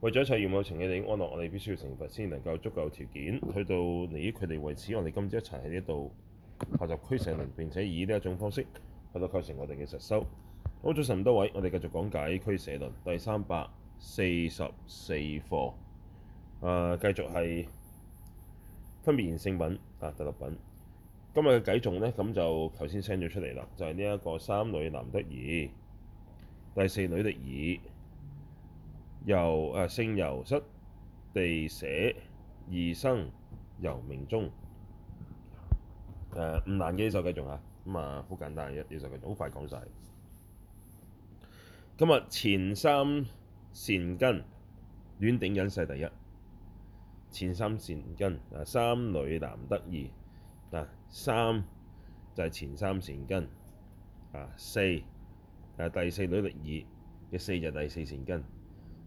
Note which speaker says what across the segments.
Speaker 1: 為咗一切業無情嘅你安樂，我哋必須要成佛先能夠足夠條件去到嚟依佢哋。為此，我哋今朝一齊喺呢度學習俱舍論，並且以呢一種方式去到構成我哋嘅實修。好早晨，各位，我哋繼續講解俱舍論第三百四十四課、呃。啊，繼續係分別賢聖品啊，第六品。今日嘅偈頌呢，咁就頭先 send 咗出嚟啦，就係呢一個三女男得二，第四女亦爾。由誒聖由失地捨異生由命終誒唔難嘅，呢首繼續嚇咁啊，好簡單嘅，呢首繼續好快講曬。今日前三善根煖頂忍世第一，前三善根啊，三女男得二嗱，三就係前三善根啊，四啊第四女亦爾嘅四就第四善根。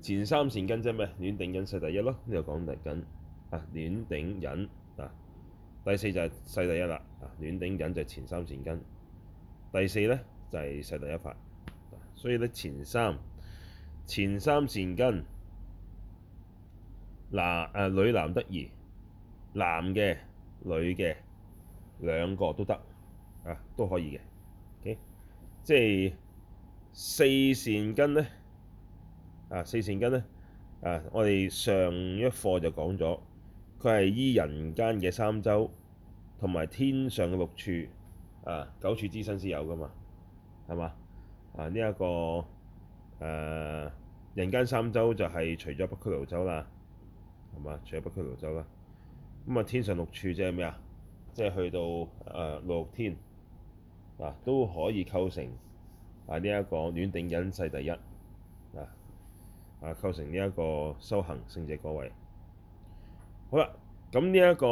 Speaker 1: 前三善根啫咩？暖頂、啊、頂忍世第一咯，呢度講緊啊，暖頂忍啊，第四就係世第一啦，啊，暖頂忍就係前三善根，第四咧就係、是、世第一法、啊，所以咧前三，前三善根，嗱、啊，誒、呃、女男得二，男嘅、女嘅兩個都得啊，都可以嘅、okay? 即係四善根咧。.啊四善根咧，啊我哋上一課就講咗，佢係依人間嘅三洲同埋天上嘅六處，啊九處之身先有噶嘛，係嘛？啊呢一、這個誒、啊、人間三洲就係除咗北俱盧洲啦，係嘛？除咗北俱盧洲啦，咁啊天上六處即係咩啊？即係去到誒六天啊都可以構成啊呢一、這個煖頂忍世第一。啊，構成呢一個修行聖者果位。好啦，咁、這個這個、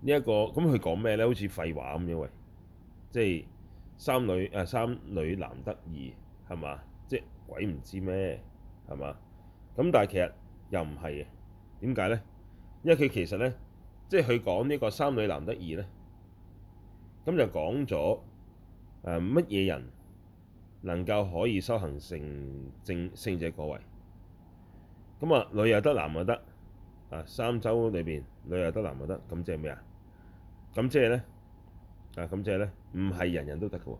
Speaker 1: 呢一個呢一個咁佢講咩咧？好似廢話咁樣喂，即、就、係、是、三女啊，三女男得二，係嘛？即、就、係、是、鬼唔知咩，係嘛？咁但係其實又唔係嘅，點解咧？因為佢其實咧，即係佢講呢個三女男得二咧，咁就講咗誒乜嘢人？能夠可以修行成正聖、聖者果位，咁啊女又得男又得，啊三洲裏邊女又得男又得，咁即係咩啊？咁即係咧，啊咁即係咧，唔係人人都得嘅喎，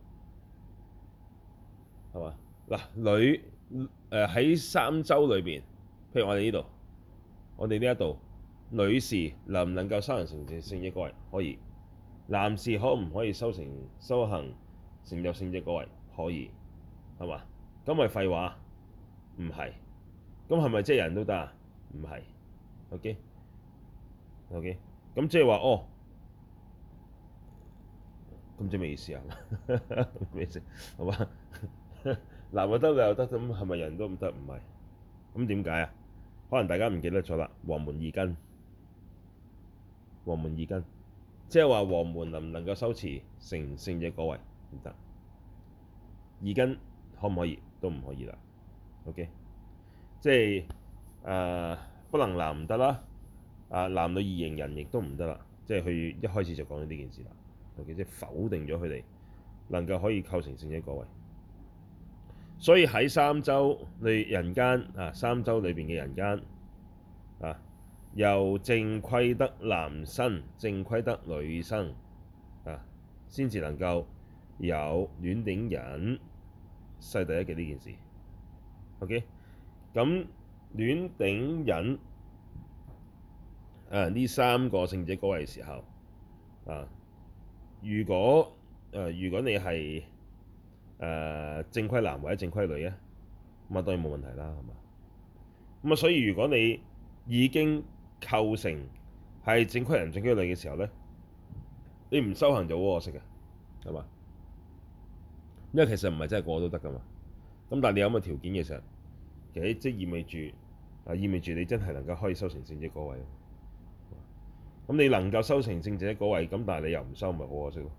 Speaker 1: 係嘛？嗱，女誒喺、呃、三洲裏邊，譬如我哋呢度，我哋呢一度，女士能唔能夠修行成聖聖者果位？可以。男士可唔可以修成修行成就聖者果位？可以。係嘛？咁咪廢話？唔係。咁係咪即係人都得啊？唔係。OK。OK。咁即係話哦。咁即係咩意思啊？咩意思？係 嘛？嗱，男又得女又得咁，係咪人都唔得？唔係。咁點解啊？可能大家唔記得咗啦。黃門二根。黃門二根，即係話黃門能唔能夠修持成聖者果位？唔得。二根。可唔可以都唔可以啦。OK，即係誒、呃，不能男唔得啦，啊、呃，男女異形人亦都唔得啦。即係佢一開始就講咗呢件事啦。OK，即係否定咗佢哋能夠可以構成聖者個位。所以喺三洲裏人間啊，三洲裏邊嘅人間啊，由正規得男身，正規得女生啊，先至能夠有煖頂忍，世第一嘅呢件事，OK？咁煖頂忍啊呢三個聖者高位嘅時候啊，如果誒、啊、如果你係誒、啊、正規男或者正規女咧，咁啊當然冇問題啦，係嘛？咁啊所以如果你已經構成係正規男正規女嘅時候咧，你唔修行就好可惜嘅，係嘛？因為其實唔係真係個個都得噶嘛，咁但係你有咁嘅條件嘅時候，其實即意味住啊，意味住你真係能夠可以收成聖者果位。咁你能夠收成聖者果位，咁但係你又唔收，咪好可惜咯。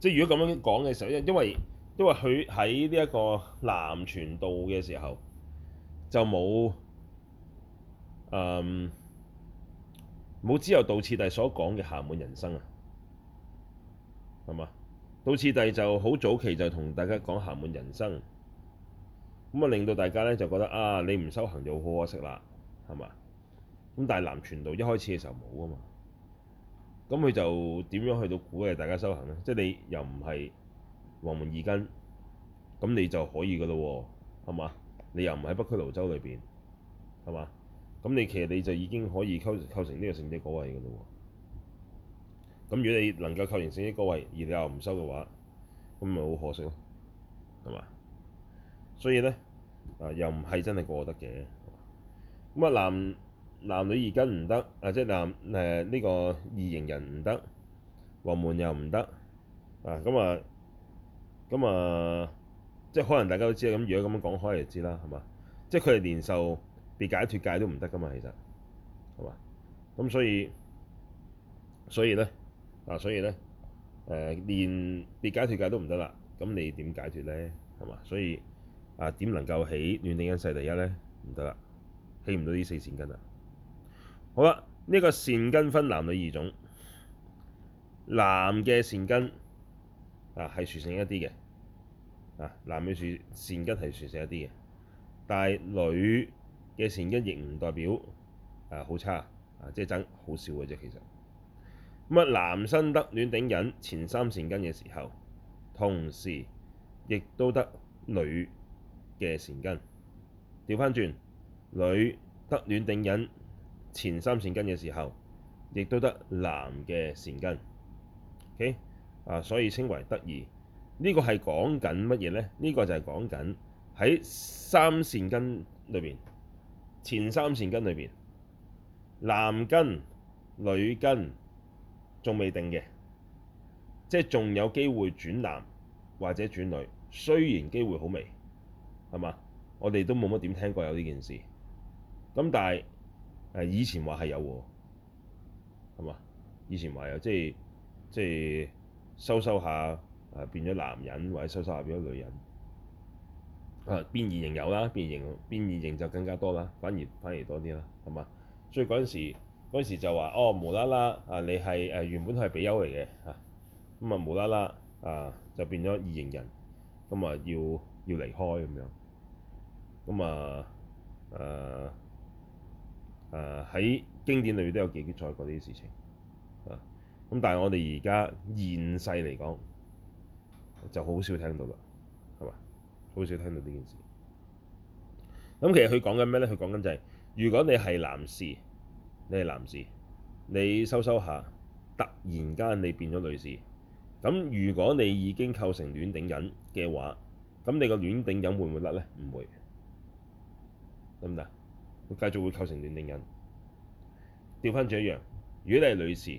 Speaker 1: 即係如果咁樣講嘅時候，因為因為因為佢喺呢一個南傳道嘅時候就冇誒冇之後道次第所講嘅暇滿人生啊，係嘛？到次第就好早期就同大家講行滿人生，咁啊令到大家呢就覺得啊你唔修行就好可惜啦，係嘛？咁但係南傳道一開始嘅時候冇啊嘛，咁佢就點樣去到鼓勵大家修行呢？即係你又唔係黃門二根，咁你就可以噶咯喎，係嘛？你又唔喺北俱盧洲裏面，係嘛？咁你其實你就已經可以構成呢個聖者果位噶咯喎。咁如果你能夠購入成啲高位，而你又唔收嘅話，咁咪好可惜咯，係嘛？所以咧，啊又唔係真係過得嘅。咁啊男男女二根唔得，啊即係男誒呢個二形人唔得，黃門又唔得，啊咁啊咁啊，即係、啊這個啊啊啊啊啊、可能大家都知啦。咁如果咁樣講開就知啦，係嘛？即係佢哋連受別解脱戒都唔得噶嘛，其實係嘛？咁所以所以咧。嗱、啊，所以咧，誒、呃、連別解脫戒都唔得啦，咁你點解脫咧？係嘛，所以啊，點能夠起亂定恩世第一煖頂忍世第一咧？唔得啦，起唔到呢四善根啦。好啦，呢、這個善根分男女二種，男嘅善根啊係善性殊勝一啲嘅，啊，男嘅善善根係善性殊勝一啲嘅，但係女嘅善根亦唔代表啊好差啊，即係爭好少嘅啫，其實。乜男生得煖頂忍前三善根嘅時候，同時亦都得女嘅善根。掉返轉，女得煖頂忍前三善根嘅時候，亦都得男嘅善根。Okay? 啊，所以稱為得二。呢個係講緊乜嘢呢？呢、呢個就係講緊喺三善根裏邊，前三善根裏邊，男根、女根。仲未定嘅，即係仲有機會轉男或者轉女，雖然機會好微，係嘛？我哋都冇乜點聽過有呢件事，咁但係誒以前話係有喎，係嘛？以前話有，有，即係即係收收下誒變咗男人，或者收收下變咗女人，誒變異型有啦，變異型變異型就更加多啦，反而反而多啲啦，係嘛？所以嗰陣時。嗰時就話哦，無啦啦啊，你係誒原本係比丘嚟嘅嚇，咁啊無啦啦啊就變咗異形人，咁啊要要離開咁樣，咁啊誒誒喺經典裏邊都有記載過呢啲事情啊，咁但係我哋而家現世嚟講就好少聽到啦，係嘛？好少聽到呢件事。咁其實佢講緊咩咧？佢講緊就係如果你係男士。你係男士，你收收下，突然間你變咗女士，咁如果你已經構成煖頂忍嘅話，咁你個煖頂忍會唔會甩呢？唔會，得唔得？會繼續會構成煖頂忍。調翻轉一樣，如果你係女士，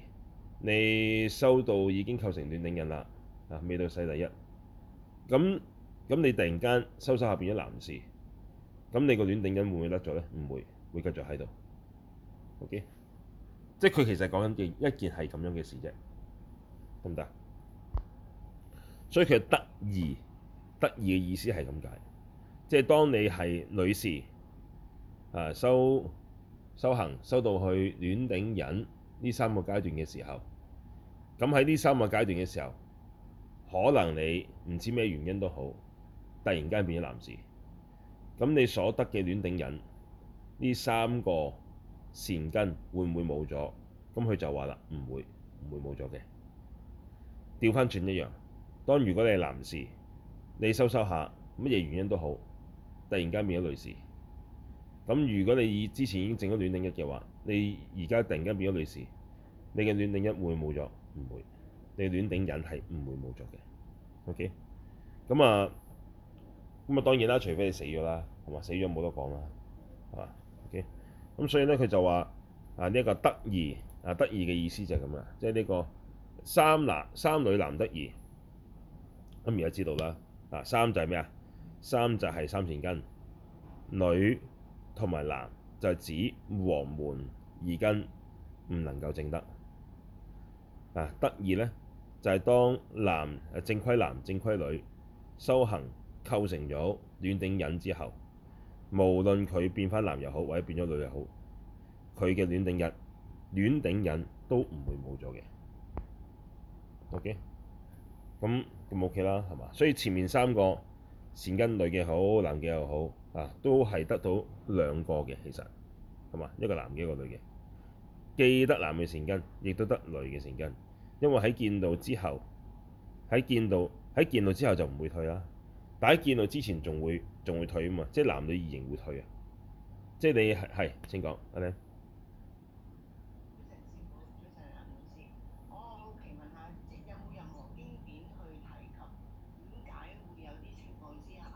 Speaker 1: 你收到已經構成煖頂忍啦，啊，未到世第一，咁咁你突然間收收下變咗男士，咁你個煖頂忍會唔會甩咗呢？唔會，會繼續喺度。O.K.，即係佢其實講緊嘅一件係咁樣嘅事啫，得唔得？所以佢得二得二嘅意思係咁解，即係當你係女士啊，修修行收到去煖頂忍呢三個階段嘅時候，咁喺呢三個階段嘅時候，可能你唔知咩原因都好，突然間變咗男士，咁你所得嘅煖頂忍呢三個善根會唔會冇咗？咁佢就話啦，唔會，唔會冇咗嘅。調翻轉一樣，當如果你係男士，你收收下乜嘢原因都好，突然間變咗女士。咁如果你以之前已經整咗暖頂忍嘅話，你而家突然間變咗女士，你嘅暖頂忍會冇咗？唔會，你暖頂忍係唔會冇咗嘅。OK，咁啊，咁啊當然啦，除非你死咗啦，同埋死咗冇得講啦，係嘛？咁所以咧，佢就話啊，呢、這、一個得二」，「啊，得二」嘅意思就係咁啦，即係呢個三男三女男得二」。咁而家知道啦，啊三就係咩啊？三就係三善根，女同埋男就係指黃門二根唔能夠正得。啊，得二」咧就係、是、當男正規男、正規女修行構成咗煖頂忍之後，無論佢變返男又好，或者變咗女又好，佢嘅煖頂忍、煖頂忍都唔會冇咗嘅。OK，咁咁 OK 啦，係嘛？所以前面三個善根女嘅好，男嘅又好啊，都係得到兩個嘅，其實係嘛？一個男嘅一個女嘅，既得男嘅善根，亦都得女嘅善根，因為喺見道之後，喺見道喺見道之後就唔會退啦。但喺見道之前仲會。仲會退啊嘛，即係男女異形會退啊，即係你係係先講，阿靚。我好奇問下，即係有冇任何經典去提及點解會有啲情況之下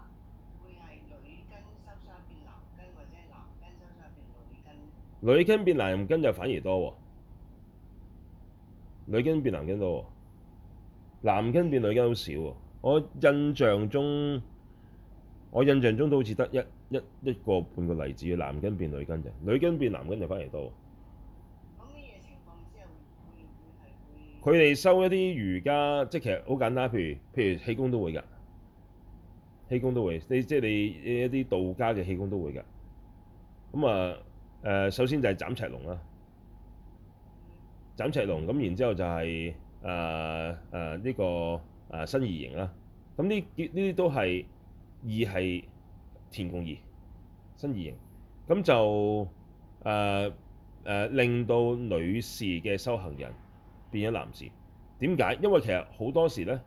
Speaker 1: 會係女根收商變男根，或者男根收商變女根？女根變男根就反而多喎、啊，女根變男根多喎、啊，男根變女根好少喎、啊。我印象中。我印象中都好似得一一一個半個例子嘅，男根變女根嘅，女根變男根就反嚟多。佢哋收一啲瑜伽，即係其實好簡單。譬如譬如氣功都會㗎，氣功都會。你即係、就是、你一啲道家嘅氣功都會㗎。咁啊誒，首先就係斬赤龍啦，斬赤龍咁，然之後就係誒誒呢個誒、呃、新異形啦。咁呢呢啲都係。二係天共意，身二形，咁就誒、呃呃、令到女士嘅修行人變咗男士。點解？因為其實好多時呢，誒、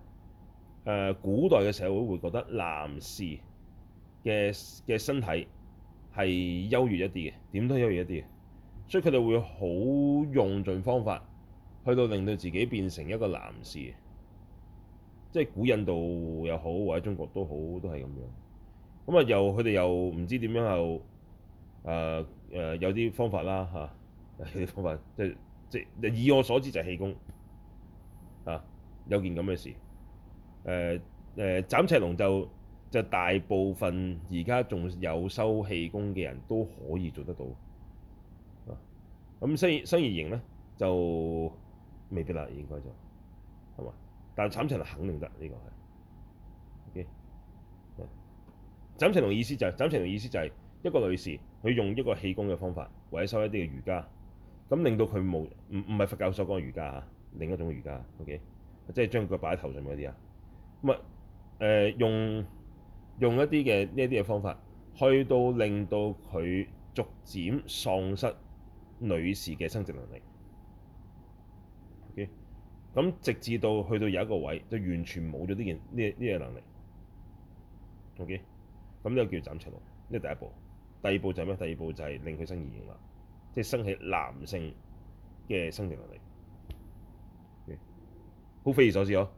Speaker 1: 呃、古代嘅社會會覺得男士嘅嘅身體係優越一啲嘅，點都優越一啲嘅，所以佢哋會好用盡方法，去到令到自己變成一個男士。即係古印度又好或者中國都好，都係咁樣。咁啊，又佢哋又唔知點樣又誒誒有啲方法啦嚇，有啲方法即係即係以我所知就係氣功嚇、啊。有件咁嘅事誒誒、呃呃、斬赤龍，就就大部分而家仲有收氣功嘅人都可以做得到啊。咁生而生而然咧就未必啦，應該就。但斬情龍係肯定得呢、呢個係，OK 啊？斬情龍同意思就係、是，斬情龍同意思就係、是、一個女士，佢用一個氣功嘅方法，或者修一啲嘅瑜伽，咁令到佢冇唔唔係佛教所講嘅瑜伽嚇，另一種瑜伽，OK，即係將腳擺喺頭上面嗰啲啊，唔係誒用用一啲嘅呢一啲嘅方法，去到令到佢逐漸喪失女士嘅生殖能力。咁直至到去到有一個位，就完全冇咗呢件呢呢樣能力。OK，咁呢個叫斬情路，呢第一步。第二步就係咩？第二步就係令佢生二型化，即係生起男性嘅生殖能力，OK？好，匪夷所思哦，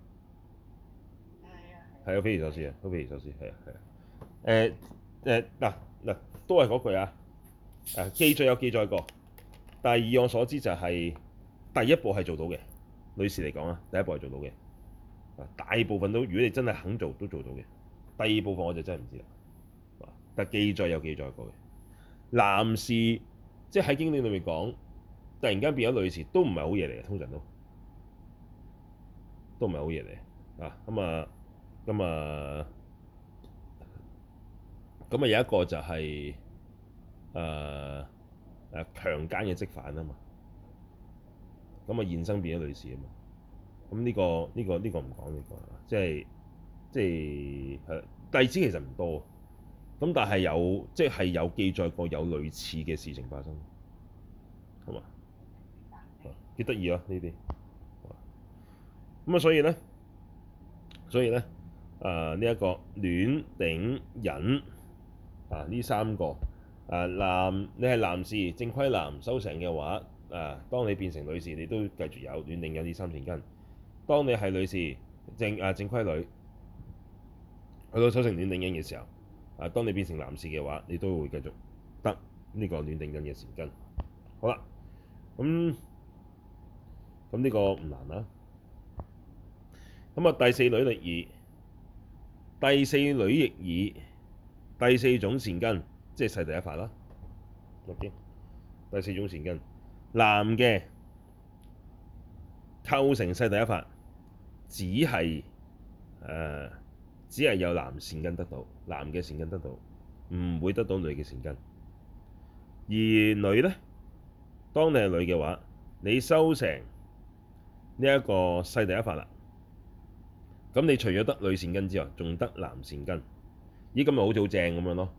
Speaker 1: 係啊，係啊，匪夷、啊、所思啊，好，匪夷所思係啊係啊。誒誒嗱嗱，都係嗰句啊。誒記載有記載過，但係以我所知就係、是、第一步係做到嘅。女士嚟講啊，第一步係做到嘅，啊大部分都，如果你真係肯做，都做到嘅。第二部分我就真係唔知啦，但記載有記載過嘅。男士即係喺經典裡面講，突然間變咗女士，都唔係好嘢嚟嘅，通常都都唔係好嘢嚟嘅。啊咁啊咁啊，咁啊有一個就係誒誒強姦嘅積犯啊嘛。咁啊現身變咗女士啊嘛，咁呢個，呢個，呢個，呢個唔講呢個啦，即係即係係弟子其實唔多，咁但係有即係有記載過有類似嘅事情發生，係嘛？幾得意啊呢啲。咁啊所以咧，所以咧，誒呢一個暖頂忍啊呢三個誒、啊、男你係男士正規男收成嘅話。啊！當你變成女士，你都繼續有煖頂忍呢三善根。當你係女士，正啊正規女去到修成煖頂忍嘅時候，啊！當你變成男士嘅話，你都會繼續得呢、這個煖頂忍嘅善根。好啦，咁咁呢個唔難啦。咁啊，第四女亦爾，第四女亦爾，第四種善根，即、就、係、是、世第一法啦。第四種善根。男嘅構成世第一法，只係誒、呃，只係有男善根得到，男嘅善根得到，唔會得到女嘅善根。而女咧，當你係女嘅話，你收成呢一個世第一法啦。咁你除咗得女善根之外，仲得男善根，咦咁咪好做好正咁樣咯？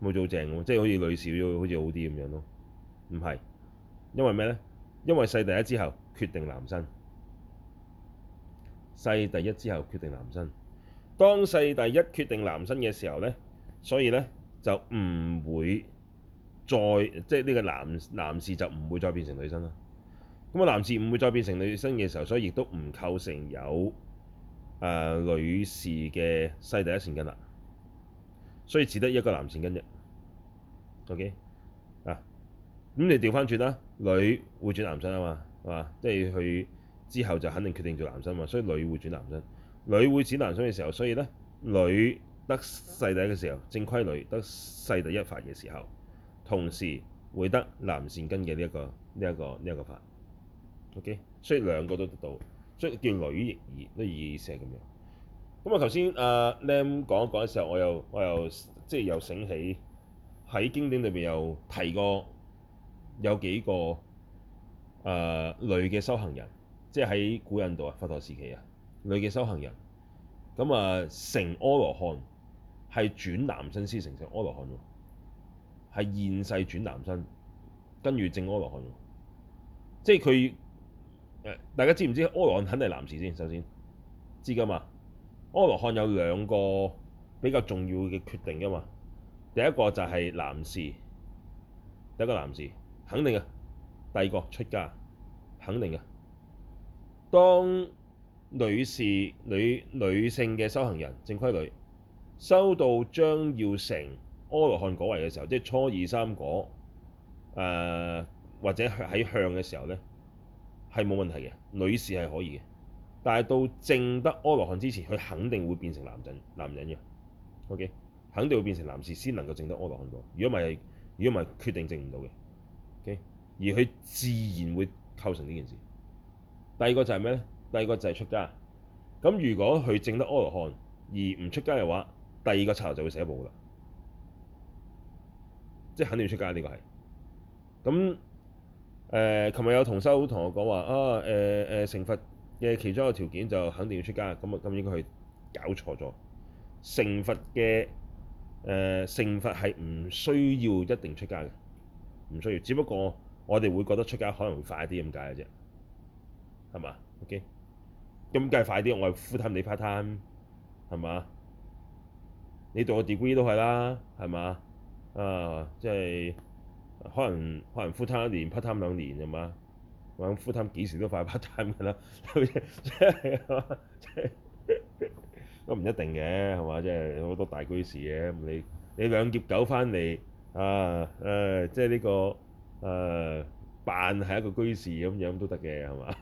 Speaker 1: 咪做正咁，即係好似女少咗，好，好似好啲咁樣咯。唔係，因為咩呢？因為世第一之後決定男身，世第一之後決定男身。當世第一決定男身嘅時候呢，所以呢，就唔會再即係呢個男男士就唔會再變成女生啦。咁啊，男士唔會再變成女生嘅時候，所以亦都唔構成有、呃、女士嘅世第一善根啦。所以只得一個男善根啫。OK。咁你調翻轉啦，女會轉男身啊嘛，係嘛？即係佢之後就肯定決定做男身嘛，所以女會轉男身，女會轉男身嘅時候，所以咧女得世第一嘅時候，正規女得世第一法嘅時候，同時會得男善根嘅呢一個呢一、這個呢一、這個法。O.K.，所以兩個都得到，所以叫女亦爾，都意思係咁樣。咁啊，頭先阿 Lam 講講嘅時候，我又我又即係、就是、又醒起喺經典裏邊又提過。有幾個誒女嘅修行人，即係喺古印度啊，佛陀時期啊，女嘅修行人咁啊、呃，成阿羅漢係轉男身思成成阿羅漢喎，係現世轉男身，跟住正阿羅漢喎，即係佢誒大家知唔知阿羅漢肯定係男士先，首先知噶嘛？阿羅漢有兩個比較重要嘅決定噶嘛，第一個就係男士，第一個男士肯定嘅，第二個出家肯定啊。當女士女女性嘅修行人，正規女收到將要成阿羅漢果位嘅時候，即係初二三果誒、呃、或者喺向嘅時候呢，係冇問題嘅。女士係可以嘅，但係到證得阿羅漢之前，佢肯定會變成男人男人嘅。O.K. 肯定會變成男士先能夠證得阿羅漢果。如果唔係，如果唔係，決定證唔到嘅。Okay? 而佢自然會構成呢件事。第二個就係咩呢？第二個就係出家。咁如果佢證得阿羅漢而唔出家嘅話，第二個策就會寫報啦，即係肯定要出家。呢個係咁誒。琴、呃、日有同修同我講話啊誒誒、呃呃，成佛嘅其中一個條件就肯定要出家。咁啊咁應該佢搞錯咗。成佛嘅誒、呃，成佛係唔需要一定出家嘅。唔需要，只不過我哋會覺得出街可能會快啲咁解嘅啫，係嘛？OK，咁梗係快啲，我係 fulltime 你 parttime 係嘛？你讀我 degree 都係啦，係嘛？啊，即係可能可能 fulltime 一年 parttime 兩年啫嘛，我諗 fulltime 幾時都快 parttime 噶啦，即係即係都唔一定嘅係嘛？即係好多大居士 a d 嘅，你你兩碟狗翻嚟。啊，誒，即係呢個誒扮係一個居士咁樣都得嘅，係嘛？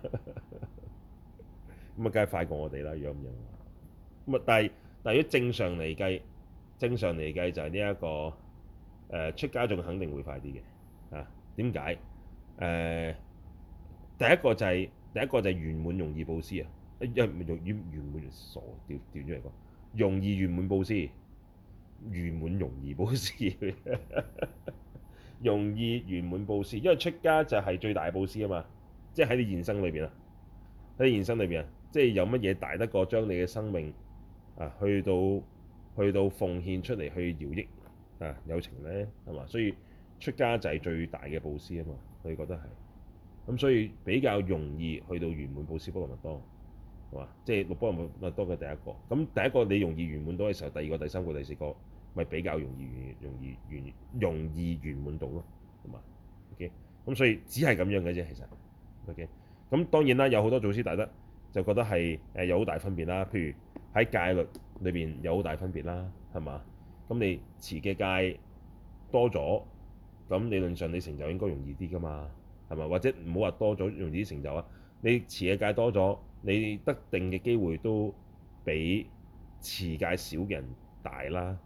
Speaker 1: 咁啊梗係快過我哋啦，如果咁樣。咁啊，但係但係如果正常嚟計，正常嚟計就係呢一個誒出家仲肯定會快啲嘅。啊，點解？誒，第一個就係第一個就係圓滿容易佈施啊！一容易圓滿就傻掉掉咗嚟講，容易圓滿佈施。圓滿容易佈施，容易圓滿佈施，因為出家就係最大嘅佈施啊嘛。即係喺你現生裏邊啊，喺你現生裏邊啊，即係有乜嘢大得過將你嘅生命啊去到去到奉獻出嚟去饒益啊有情咧，係嘛？所以出家就係最大嘅佈施啊嘛。佢哋覺得係咁，所以比較容易去到圓滿佈施波羅蜜多係嘛？即係六波羅蜜多嘅第一個，咁第一個你容易圓滿多嘅時候，第二個、第三個、第四個。咪比較容易容易容易，容易圓滿到咯，同埋 OK。咁所以只係咁樣嘅啫，其實 OK。咁當然啦，有好多祖師大德就覺得係誒有好大分別啦。譬如喺戒律裏邊有好大分別啦，係嘛？咁你持嘅戒多咗，咁理論上你成就應該容易啲㗎嘛，係嘛？或者唔好話多咗容易啲成就啊。你持嘅戒多咗，你得定嘅機會都比持戒少嘅人大啦。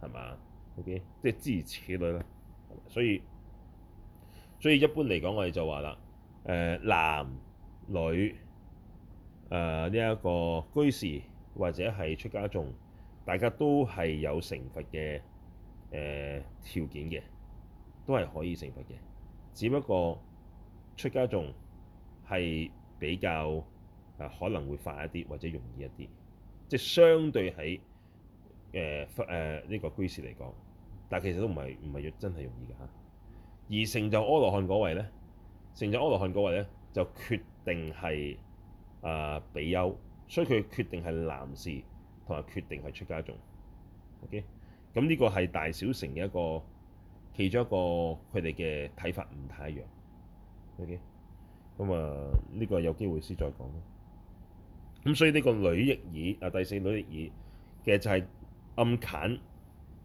Speaker 1: 係嘛？OK，即係諸如此類啦。所以，所以一般嚟講，我哋就話啦，誒男女誒呢一個居士或者係出家眾，大家都係有成佛嘅誒、呃、條件嘅，都係可以成佛嘅。只不過出家眾係比較啊可能會快一啲或者容易一啲，即係相對喺。誒、呃，誒、呃、呢、這個居士嚟講，但係其實都唔係唔係真係容易㗎嚇、啊。而成就阿羅漢嗰位咧，成就阿羅漢嗰位咧就決定係啊、呃、比丘，所以佢決定係男士，同埋決定係出家眾。OK，咁、嗯、呢、這個係大小乘嘅一個其中一個佢哋嘅睇法唔太一樣。OK，咁啊呢個有機會先再講。咁、嗯、所以呢個女亦爾啊第四女亦爾其實就係、是。暗近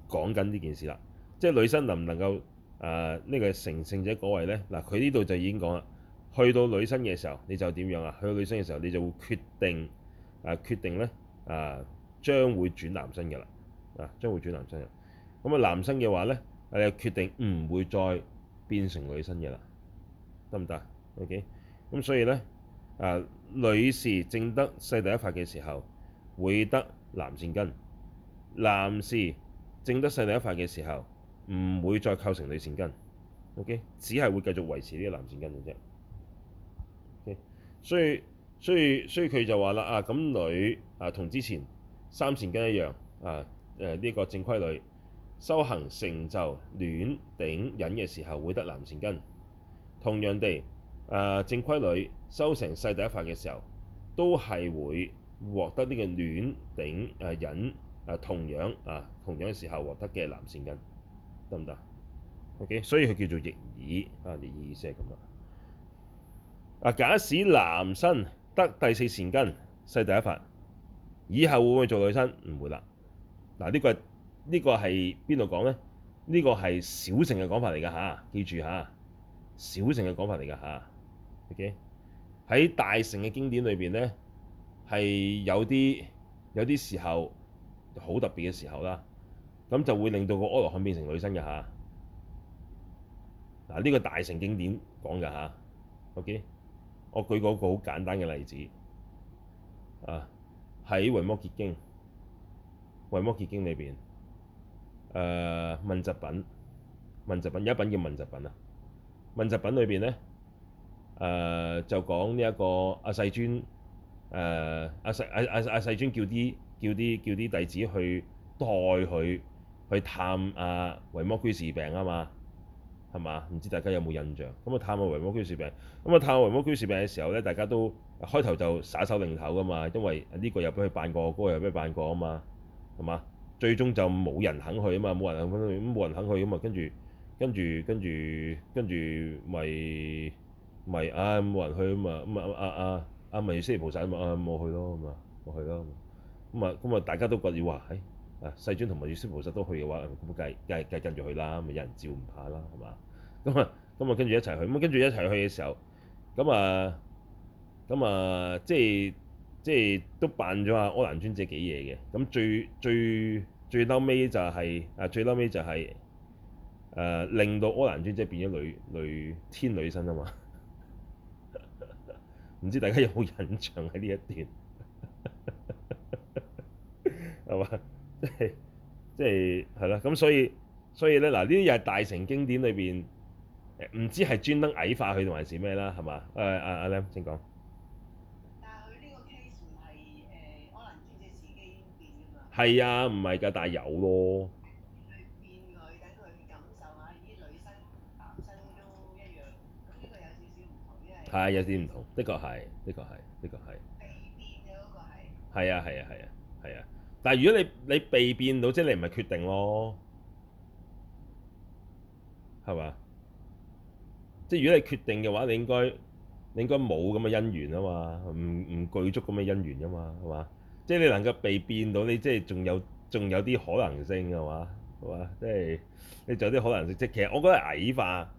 Speaker 1: 講緊呢件事啦，即係女生能唔能夠誒呢、呃這個成聖者果位呢？嗱，佢呢度就已經講啦。去到女生嘅時候，你就點樣啊？去到女生嘅時候，你就會決定誒、啊、決定呢啊將會轉男生嘅啦，啊將會轉男生嘅。咁啊，男生嘅話呢你就決定唔會再變成女生嘅啦，得唔得？OK。咁所以呢，誒、呃，女士正得世第一法嘅時候會得男善根。男士正得世第一法嘅時候，唔會再構成女善根，OK，只係會繼續維持呢個男善根嘅啫。Okay? 所以，所以，所以佢就話啦：啊，咁女啊，同之前三善根一樣啊，誒、啊、呢、這個正規女修行成就暖頂忍嘅時候會得男善根，同樣地，誒、啊、正規女修成世第一法嘅時候，都係會獲得呢個暖頂誒、啊、忍。誒同樣啊，同樣嘅時候獲得嘅男善根得唔得？O.K.，所以佢叫做亦爾啊。亦爾嘅意思係咁啦。啊，假使男身得第四善根，世第一法，以後會唔會做女身？唔會啦。嗱、啊，這個這個、呢、這個呢個係邊度講咧？呢個係小乘嘅講法嚟㗎嚇，記住嚇、啊，小乘嘅講法嚟㗎嚇。O.K. 喺大乘嘅經典裏邊咧，係有啲有啲時候。好特別嘅時候啦，咁就會令到個阿羅漢變成女生嘅嚇。嗱、這、呢個大乘經典講嘅嚇，OK。我舉個好簡單嘅例子，啊喺《維摩詰經》，《維摩詰經》裏邊，誒問疾品，問疾品有一品叫問疾品，質品、這個、啊。問疾品裏邊咧，誒就講呢一個阿世尊，誒阿世阿阿阿世尊叫啲。叫啲叫啲弟子去代佢去探阿維摩居士病啊嘛，係嘛？唔知大家有冇印象？咁啊探阿維摩居士病，咁啊探阿維摩居士病嘅時候咧，大家都開頭就耍手擰頭噶嘛，因為呢個又俾佢扮過，嗰個又俾佢扮過啊嘛，係嘛？最終就冇人肯去啊嘛，冇人肯去，咁冇人肯去咁啊，跟住跟住跟住跟住咪咪啊冇人去咁嘛，咁啊啊啊啊咪釋迦菩薩啊冇去咯，咁啊冇去咯。我去咯我去咯咁啊，咁啊，大家都覺要話誒世尊同埋月色菩薩都去嘅話，咁啊，梗係梗係梗係跟住去啦，咪有人照唔怕啦，係嘛？咁啊，咁啊，跟住一齊去，咁跟住一齊去嘅時候，咁啊，咁啊，即係即係都扮咗阿柯蘭尊者幾嘢嘅。咁最最最嬲尾就係、是、啊，最嬲尾就係、是、誒、呃，令到柯蘭尊者變咗女女天女身啊嘛。唔 知大家有冇印象喺呢一段？ 係嘛？即係即係係咯，咁所以所以咧嗱，呢啲又係大乘經典裏邊誒，唔知係專登矮化佢，還是咩啦？係嘛？誒誒阿 Lim 請講。但係佢呢個 case 唔係誒可能轉借自己變㗎嘛？係啊，唔係㗎，但係有咯。變女等佢感受下，而啲女生男生都一樣，咁呢個有少少唔同，因為係。係有啲唔同，呢個係呢個係呢個係。被變嘅嗰個係。係啊係啊係啊係啊！但係如果你你被變到，即係你唔係決定咯，係嘛？即係如果你決定嘅話，你應該你應該冇咁嘅因緣啊嘛，唔唔具足咁嘅因緣啊嘛，係嘛？即係你能夠被變到，你即係仲有仲有啲可能性係嘛？係嘛？即係你仲有啲可能性。即係其實我覺得矮化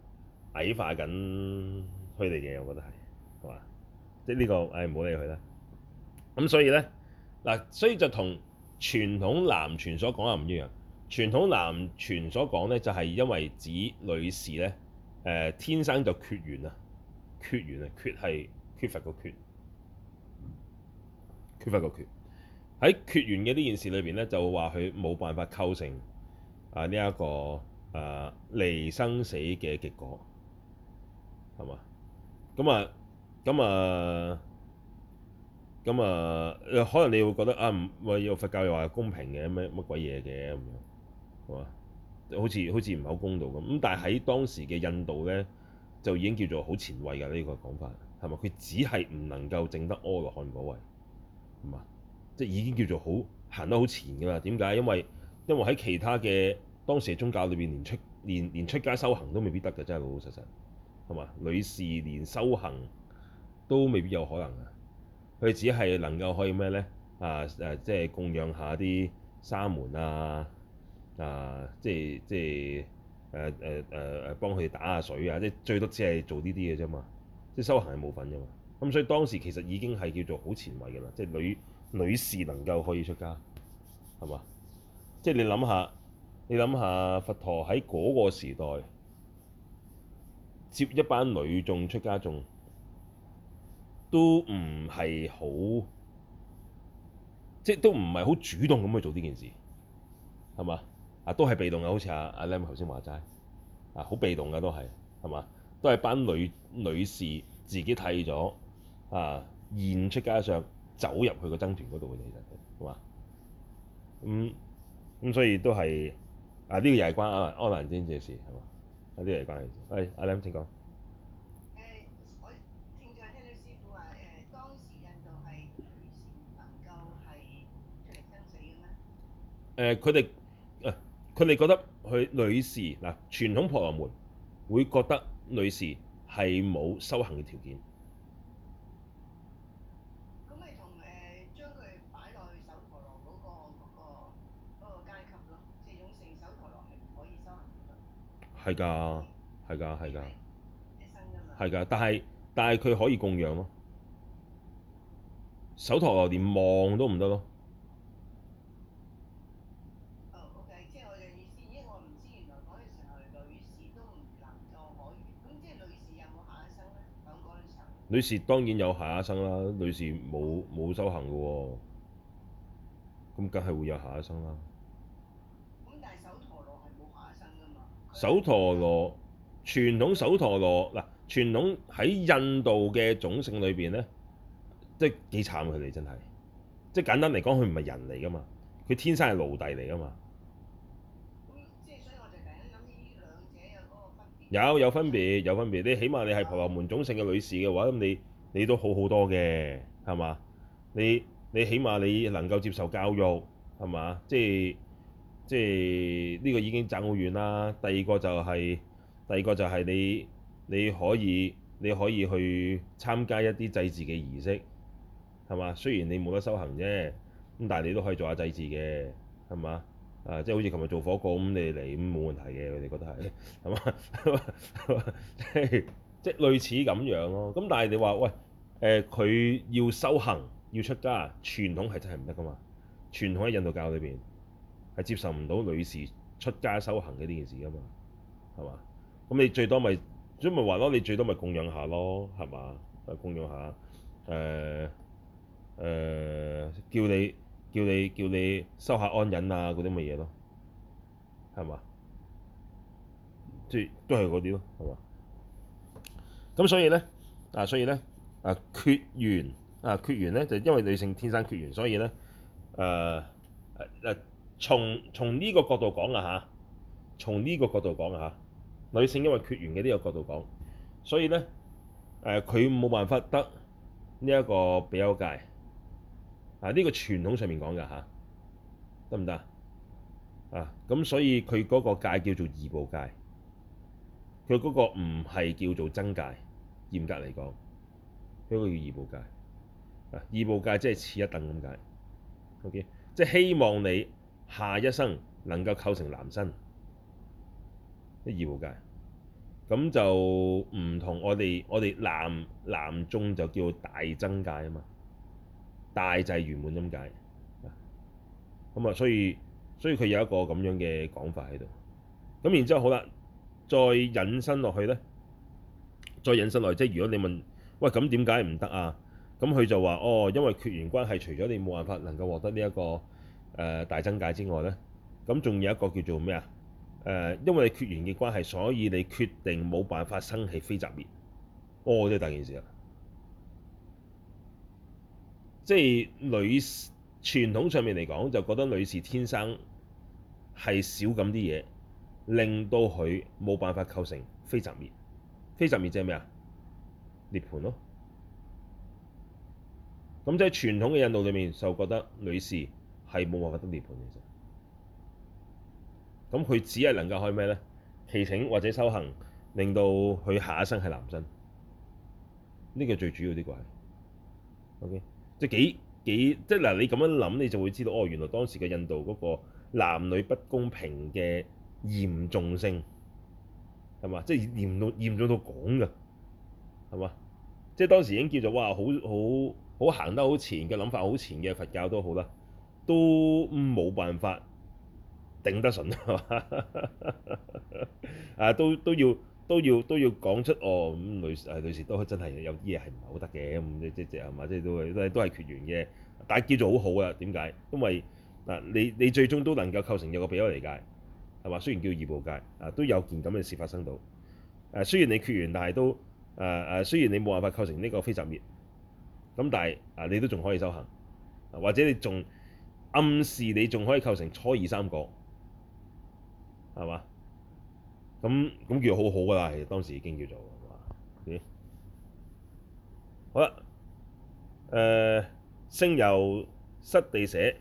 Speaker 1: 矮化緊佢哋嘅，我覺得係，係嘛？即係、這、呢個誒，唔好理佢啦。咁所以咧，嗱，所以就同。傳統男傳所講又唔一樣，傳統男傳所講呢，就係因為指女士呢誒、呃、天生就缺緣啊，缺緣啊，缺係缺乏個缺，缺乏個缺喺缺緣嘅呢件事裏邊呢，就話佢冇辦法構成啊呢一個啊、呃、離生死嘅結果，係嘛？咁啊咁啊。咁啊，可能你會覺得啊，唔係又佛教又話公平嘅咩乜鬼嘢嘅咁樣，係嘛？好似好似唔係好公道咁。咁但係喺當時嘅印度咧，就已經叫做好前衛㗎呢個講法，係咪？佢只係唔能夠整得阿羅漢嘅位，係嘛？即係已經叫做好行得好前㗎啦。點解？因為因為喺其他嘅當時嘅宗教裏邊，連出連連出街修行都未必得㗎，真係老老實實，係嘛？女士連修行都未必有可能嘅。佢只係能夠可以咩呢？啊誒、啊，即係供養下啲沙門啊！啊，即係即係誒誒誒誒，幫佢哋打下水啊！即係最多只係做呢啲嘢啫嘛！即係修行係冇份啫嘛！咁所以當時其實已經係叫做好前衞㗎啦！即係女女士能夠可以出家係嘛？即係你諗下，你諗下佛陀喺嗰個時代接一班女眾出家仲都唔係好，即係都唔係好主動咁去做呢件事，係嘛？啊，都係被動嘅，好似阿阿 Lam 頭先話齋，啊，好被動嘅都係，係嘛？都係班女女士自己睇咗啊，現出街上走入去個爭團嗰度嘅，其實係嘛？咁、嗯、咁所以都係啊，呢個又係關安蘭先生事係嘛？啊，呢個又係關係，係阿 Lam 請講。誒佢哋啊，佢哋覺得佢女士嗱，傳統婆羅門會覺得女士係冇修行嘅條件。咁你同誒將佢擺落去首陀羅嗰個嗰個嗰個階級咯，這種首陀羅係唔可以修嘅。係㗎，係㗎，係㗎。一身㗎嘛。係㗎，但係但係佢可以供養咯。首陀羅連望都唔得咯。女士當然有下一生啦，女士冇冇修行嘅喎，咁梗係會有下一生啦。咁但係首陀羅係冇下一生噶嘛？首陀羅傳統首陀羅嗱，傳統喺印度嘅種姓裏邊咧，即係幾慘佢哋真係，即係簡單嚟講，佢唔係人嚟噶嘛，佢天生係奴隸嚟噶嘛。有有分別，有分別，你起碼你係婆羅門種姓嘅女士嘅話，咁你你都好好多嘅，係嘛？你你起碼你能夠接受教育，係嘛？即係即係呢、這個已經爭好遠啦。第二個就係、是、第二個就係你你可以你可以去參加一啲祭祀嘅儀式，係嘛？雖然你冇得修行啫，咁但係你都可以做下祭祀嘅，係嘛？啊，即係好似琴日做火個咁，你嚟冇問題嘅，佢哋覺得係係嘛？即係、 就是、即類似咁樣咯。咁但係你話喂，誒、呃、佢要修行要出家，傳統係真係唔得噶嘛？傳統喺印度教裏邊係接受唔到女士出家修行嘅呢件事噶嘛？係嘛？咁你最多咪，所以咪話咯，你最多咪供養下咯，係嘛？供養下誒誒、呃呃、叫你。叫你叫你收下安忍啊嗰啲乜嘢咯，係嘛？即係都係嗰啲咯，係嘛？咁所以咧啊，所以咧啊，缺緣啊，缺緣咧就因為女性天生缺緣，所以咧誒誒誒，從從呢個角度講啊嚇，從呢個角度講啊嚇，女性因為缺緣嘅呢個角度講，所以咧誒佢冇辦法得呢一個比丘戒。啊！呢、這個傳統上面講嘅，嚇，得唔得啊？咁所以佢嗰個戒叫做二報戒。佢嗰個唔係叫做增戒，嚴格嚟講，佢叫二報戒。啊！二報戒即係似一等咁解，OK？即係希望你下一生能夠構成男身。啲二報戒咁就唔同我哋我哋男男宗就叫做大增戒啊嘛。大制係圓滿咁解，咁啊，所以所以佢有一個咁樣嘅講法喺度。咁然之後好啦，再引申落去呢，再引申落去，即係如果你問喂咁點解唔得啊？咁佢就話：哦，因為缺緣關係，除咗你冇辦法能夠獲得呢、這、一個誒、呃、大增解之外呢，咁仲有一個叫做咩啊、呃？因為你缺緣嘅關係，所以你決定冇辦法生起非擇滅。哦，真係大件事啊！即係女傳統上面嚟講，就覺得女士天生係少咁啲嘢，令到佢冇辦法構成非擇滅。非擇滅即係咩啊？涅槃咯。咁即係傳統嘅印度裡面就覺得女士係冇辦法得涅槃嘅。咁佢只係能夠開咩呢？祈請或者修行，令到佢下一生係男身。呢、這個最主要啲鬼、這個。OK。幾幾即係幾即係嗱，你咁樣諗，你就會知道哦，原來當時嘅印度嗰個男女不公平嘅嚴重性係嘛？即係嚴重嚴重到講㗎，係嘛？即係當時已經叫做哇，好好好行得好前嘅諗法，好前嘅佛教都好啦，都冇辦法頂得順，係嘛？啊，都都要。都要都要講出，哦咁，女誒女士都真係有啲嘢係唔係好得嘅，咁，即即即係嘛，即係都都都係缺緣嘅。但係叫做好好啊？點解？因為嗱，你你最終都能夠構成一個比佑嚟嘅，係嘛？雖然叫二部界啊，都有件咁嘅事發生到。誒，雖然你缺緣，但係都誒誒，雖然你冇辦法構成呢個非擇滅，咁但係啊，你都仲可以修行，或者你仲暗示你仲可以構成初二三角，係嘛？咁咁叫好好噶啦，其實當時已經叫做點？好啦，誒，聖由失地捨，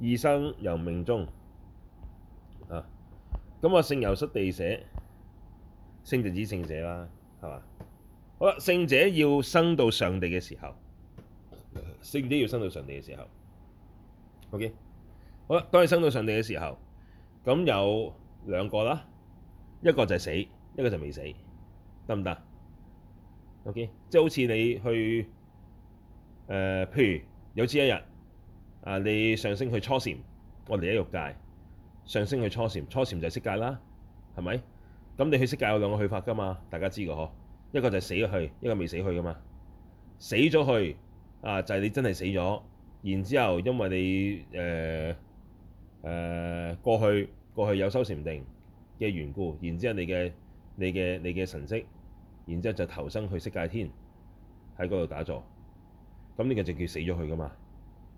Speaker 1: 異生由命終啊！咁啊，聖由失地捨，聖就指聖者啦，係嘛？好啦，聖者要生到上地嘅時候，聖者要生到上地嘅時候，OK？好啦，當你生到上地嘅時候，咁有兩個啦。一個就係死，一個就未死，得唔得？OK，即係好似你去、呃、譬如有朝一日啊，你上升去初禪，我哋喺欲界上升去初禪，初禪就係色界啦，係咪？咁你去色界有兩個去法噶嘛？大家知噶嗬，一個就係死咗去，一個未死去噶嘛。死咗去啊，就係、是、你真係死咗，然之後因為你誒誒、呃呃、過去過去有修禪定。嘅緣故，然之後你嘅你嘅你嘅神識，然之後就投生去色界天，喺嗰度打坐。咁呢個就叫死咗佢噶嘛，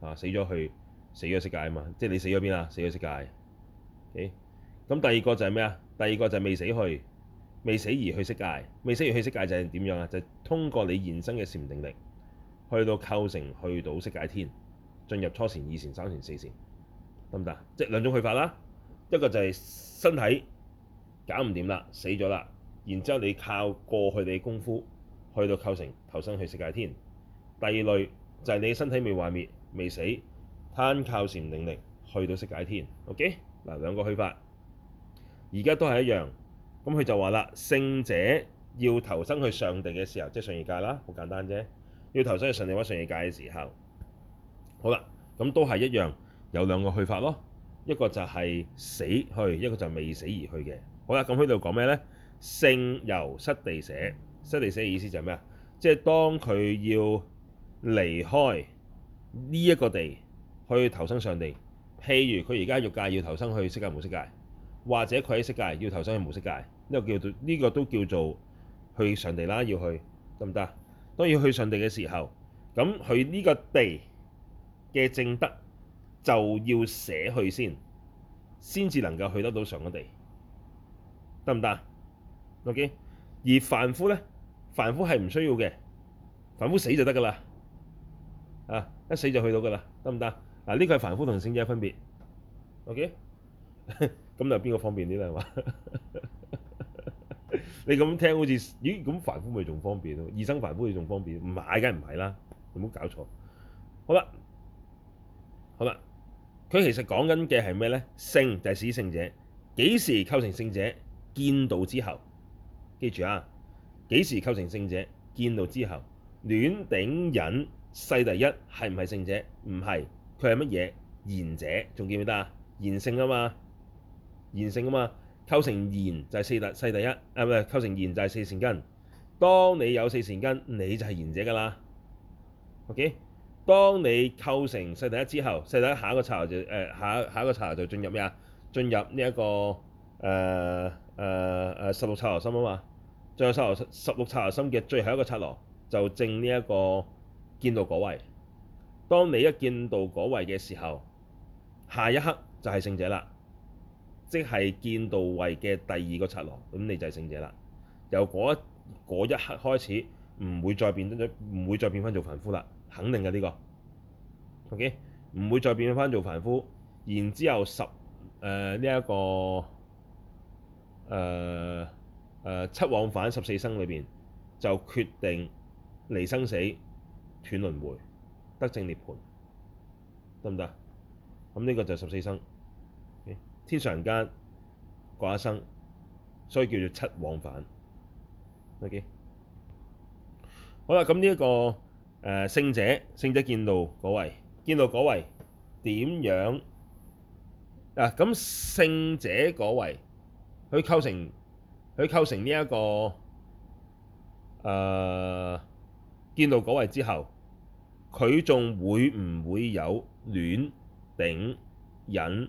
Speaker 1: 啊死咗去死咗色界啊嘛，即係你死咗邊啊？死咗色界。咁、okay? 第二個就係咩啊？第二個就係未死去，未死而去色界，未死而去色界就係點樣啊？就係、是、通過你現生嘅禪定力，去到構成去到色界天，進入初禪、二禪、三禪、四禪，得唔得啊？即係兩種去法啦，一個就係身體。搞唔掂啦，死咗啦。然之後你靠過去你功夫去到構成投生去色界天。第二類就係、是、你身體未壞滅、未死，攤靠禪定力去到色界天。OK 嗱，兩個去法，而家都係一樣。咁佢就話啦，聖者要投生去上地嘅時候，即、就、係、是、上二界啦，好簡單啫。要投生去上地或者上二界嘅時候，好啦，咁都係一樣有兩個去法咯。一個就係死去，一個就是未死而去嘅。好啦，咁喺度講咩咧？聖由失地捨，失地捨嘅意思就係咩啊？即係當佢要離開呢一個地去投生上地，譬如佢而家欲界要投生去色界無色界，或者佢喺色界要投生去無色界，呢個叫做呢個都叫做去上地啦。要去得唔得？當要去上地嘅時候，咁佢呢個地嘅正德就要捨去先，先至能夠去得到上個地。得唔得？OK，而凡夫咧，凡夫係唔需要嘅，凡夫死就得噶啦，啊，一死就去到噶啦，得唔得？嗱、啊，呢個係凡夫同聖者嘅分別，OK，咁就邊個方便啲啦？係 嘛？你咁聽好似，咦？咁凡夫咪仲方便咯？異生凡夫咪仲方便？唔係，梗唔係啦？你唔好搞錯。好啦，好啦，佢其實講緊嘅係咩咧？聖就係、是、使聖者，幾時構成聖者？見到之後，記住啊，幾時構成聖者？見到之後，暖頂忍世第一係唔係聖者？唔係，佢係乜嘢？賢者仲見唔見得啊？賢聖啊嘛，賢聖啊嘛，構成賢就係四特世第一，誒、啊、咪？係成賢就係四善根。當你有四善根，你就係賢者噶啦。OK，當你構成世第一之後，世第一下一個巢就誒、呃、下下一個巢就進入咩啊？進入呢、這、一個誒。呃誒、呃、誒、呃，十六剎那心啊嘛，最後十六剎那心嘅最後一個剎那，就正呢一個見道果位。當你一見道果位嘅時候，下一刻就係聖者啦，即係見道位嘅第二個剎那，咁你就係聖者啦。由嗰一刻開始，唔會再變返做唔會再變返做凡夫啦，肯定嘅呢、這個。OK，唔會再變返做凡夫。然之後十誒呢一個。誒誒，七往返十四生裏邊就決定離生死、斷輪迴、得正涅槃，得唔得？咁呢個就十四生。天上人間各一生，所以叫做七往返。OK。好啦，咁呢一個誒聖者，聖者見道嗰位，見道嗰位點樣啊？咁聖者嗰位。佢構成佢構成呢、這、一個誒、呃、見道果位之後，佢仲會唔會有煖頂忍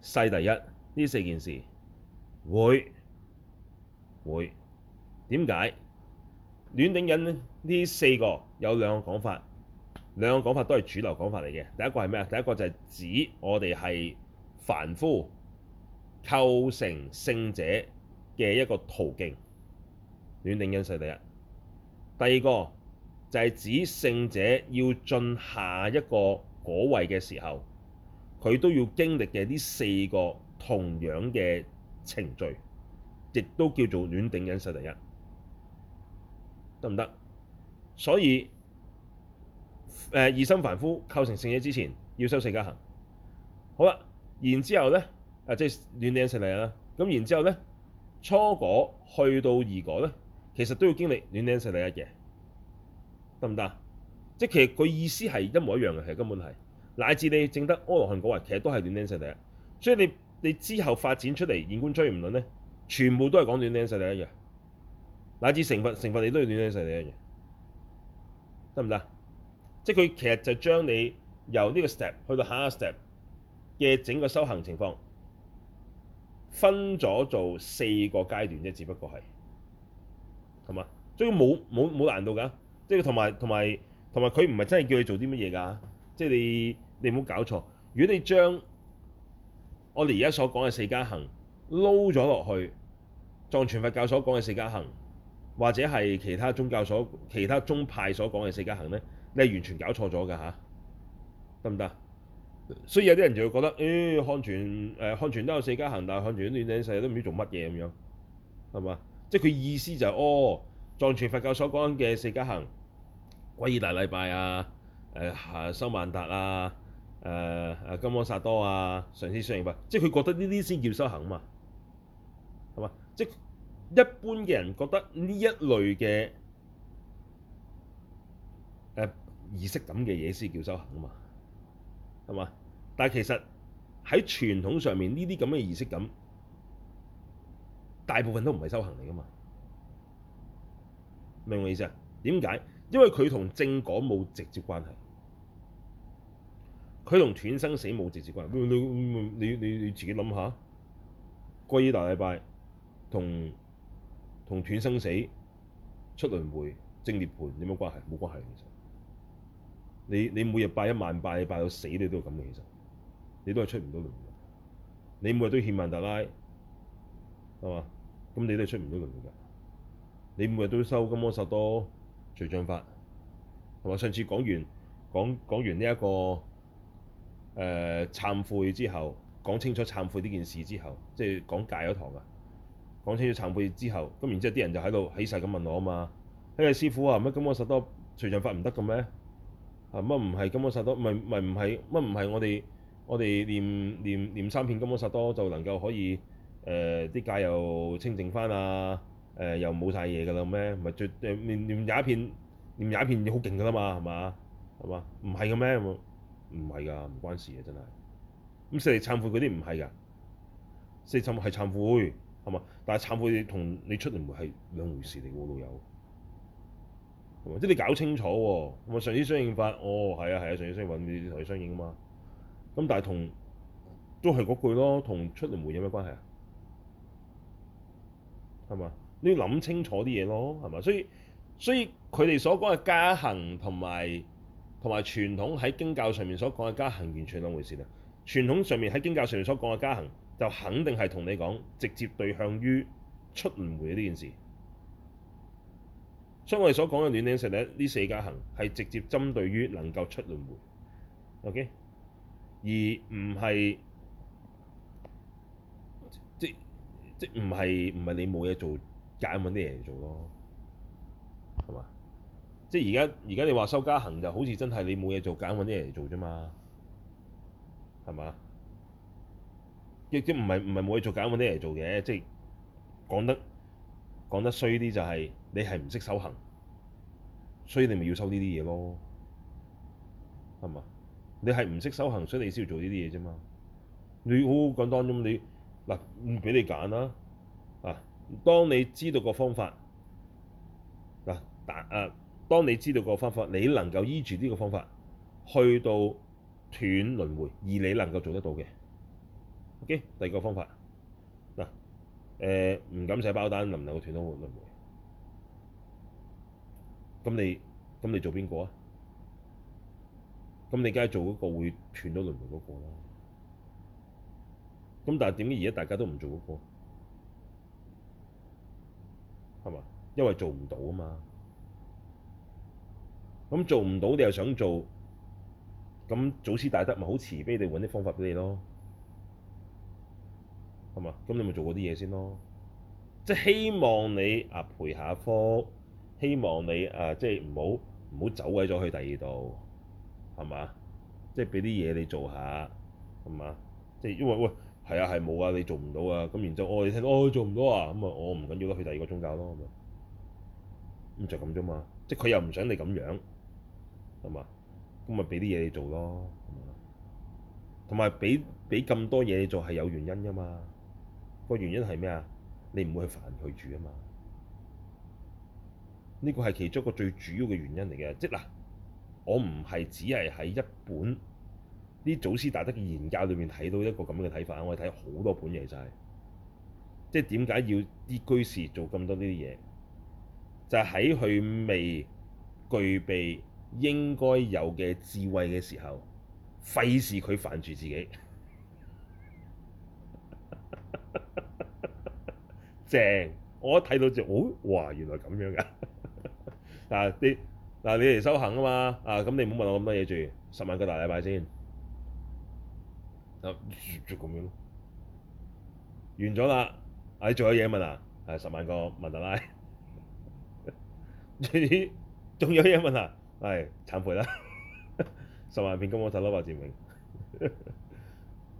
Speaker 1: 世第一呢四件事？會會點解煖頂忍呢？呢四個有兩個講法，兩個講法都係主流講法嚟嘅。第一個係咩啊？第一個就係指我哋係凡夫，構成聖者嘅一個途徑，煖頂忍世第一。第二個就係、是、指聖者要進下一個果位嘅時候，佢都要經歷嘅呢四個同樣嘅程序，亦都叫做煖頂忍世第一。得唔得？所以誒，異生凡夫構成聖者之前，要修四加行。好啦，然之後呢。啊，即係煖頂世第一啊。咁然之後咧，初果去到二果咧，其實都要經歷煖頂世第一樣，得唔得？即係其實佢意思係一模一樣嘅，其實根本係乃至你證得阿羅漢果啊，其實都係煖頂世第一啊！所以你你之後發展出嚟現觀追唔論咧，全部都係講煖頂世第一樣，乃至成分成分你都要煖頂世第一樣，得唔得？即係佢其實就將你由呢個 step 去到下一 step 嘅整個修行情況。分咗做四個階段啫，只不過係，係嘛？所以冇冇冇難度嘅，即係同埋同埋同埋佢唔係真係叫你做啲乜嘢㗎？即係你你唔好搞錯。如果你將我哋而家所講嘅四加行撈咗落去，藏傳佛教所講嘅四加行，或者係其他宗教所其他宗派所講嘅四加行呢，你係完全搞錯咗㗎嚇。得唔得？所以有啲人就會覺得，誒、嗯、漢傳誒漢傳都有四加行，但係漢傳啲亂世都唔知做乜嘢咁樣，係嘛？即係佢意思就係、是、哦，藏傳佛教所講嘅四加行，皈依大禮拜啊，誒哈修曼達啊，誒、呃、誒金剛薩埵啊，上師相應法，即係佢覺得呢啲先叫修行嘛，係嘛？即係一般嘅人覺得呢一類嘅誒儀式咁嘅嘢先叫修行啊嘛。係嘛？但係其實喺傳統上面呢啲咁嘅儀式感，大部分都唔係修行嚟噶嘛，明唔明意思啊？點解？因為佢同正果冇直接關係，佢同斷生死冇直接關係。你你你，你，你自己諗下，皈依大禮拜同同斷生死、出輪迴、正涅盤有咩關係？冇關係嘅。你你每日拜一萬拜，拜到死，你都係咁嘅。其實你都係出唔到門嘅。你每日都欠曼特拉係嘛？咁你都係出唔到門嘅。你每日都收金剛薩埵除障法係嘛？上次講完講講完呢、這、一個誒懺、呃、悔之後，講清楚懺悔呢件事之後，即係講戒嗰堂啊。講清楚懺悔之後，咁然之後啲人就喺度起勢咁問我啊嘛？誒師傅啊，乜金剛薩埵除障法唔得嘅咩？乜唔係金剛薩埵，咪咪唔係，乜唔係我哋我哋念念念三遍金剛薩埵就能夠可以誒啲界又清淨返啊，誒又冇晒嘢㗎啦咩？咪係最念念廿一遍，念廿一遍好勁㗎啦嘛，係嘛係嘛？唔係嘅咩？唔係㗎，唔關事嘅，真係咁。四力懺悔嗰啲唔係㗎，四懺係懺悔係嘛？但係懺悔同你出輪迴係兩回事嚟㗎喎老友。即係你搞清楚喎，上次相應法，哦係啊係啊，啊，上次相應法，上司相應，你同佢相應啊嘛，咁但係同都係嗰句咯，同出輪迴有咩關係啊？係嘛？你要諗清楚啲嘢咯，係嘛？所以所以佢哋所講嘅加行同埋同埋傳統喺經教上面所講嘅加行完全兩回事啊！傳統上面喺經教上面所講嘅加行就肯定係同你講直接對向於出輪迴呢件事。所以我哋所講嘅暖頂忍咧，呢四加行係直接針對於能夠出輪回，OK，而唔係即即唔係唔係你冇嘢做，揀揾啲嘢嚟做咯，係嘛？即而家而家你話修加行就好似真係你冇嘢做，揀揾啲嘢嚟做啫嘛，係嘛？亦都唔係唔係冇嘢做，揀揾啲嘢嚟做嘅，即講得講得衰啲就係。你係唔識修行，所以你咪要修呢啲嘢咯，係嘛？你係唔識修行，所以你先要做呢啲嘢啫嘛。你好簡單咁，你嗱唔俾你揀啦。啊，當你知道個方法嗱，但、啊、誒、啊啊，當你知道個方法，你能夠依住呢個方法去到斷輪迴，而你能夠做得到嘅。O.K. 第二個方法嗱，誒、啊、唔、呃、敢寫包單，能唔能夠斷到輪迴？咁你咁你做邊個啊？咁你梗係做嗰個會斷咗輪迴嗰個啦。咁但係點解而家大家都唔做嗰個？係嘛？因為做唔到啊嘛。咁做唔到你又想做？咁祖師大德咪好慈悲地揾啲方法俾你咯。係嘛？咁你咪做嗰啲嘢先咯。即係希望你啊，陪下科。希望你啊，即係唔好唔好走鬼咗去第二度，係嘛？即係俾啲嘢你做下，係嘛？即係因為喂，係啊係冇啊，你做唔到啊，咁然之後我哋哦聽到哦做唔到啊，咁啊我唔緊要啦，去第二個宗教咯，咁就咁啫嘛。即係佢又唔想你咁樣，係嘛？咁咪俾啲嘢你做咯，同埋俾俾咁多嘢你做係有原因嘅嘛。個原因係咩啊？你唔會去煩佢住啊嘛。呢個係其中一個最主要嘅原因嚟嘅，即、就、嗱、是，我唔係只係喺一本啲祖師大德嘅言教裏面睇到一個咁嘅睇法，我係睇好多本嘢就係、是，即點解要啲居士做咁多呢啲嘢，就喺、是、佢未具備應該有嘅智慧嘅時候，費事佢煩住自己。 正，我一睇到就，好哇，原來咁樣㗎。嗱、啊、你嗱、啊、你嚟修行啊嘛，啊咁你唔好問我咁多嘢住，十萬個大禮拜先咁樣，完咗啦！啊，仲、啊、有嘢問啊？係、啊、十萬個問題啦，仲有嘢問啊？係慚愧啦，十萬片金我手錶啊，志明，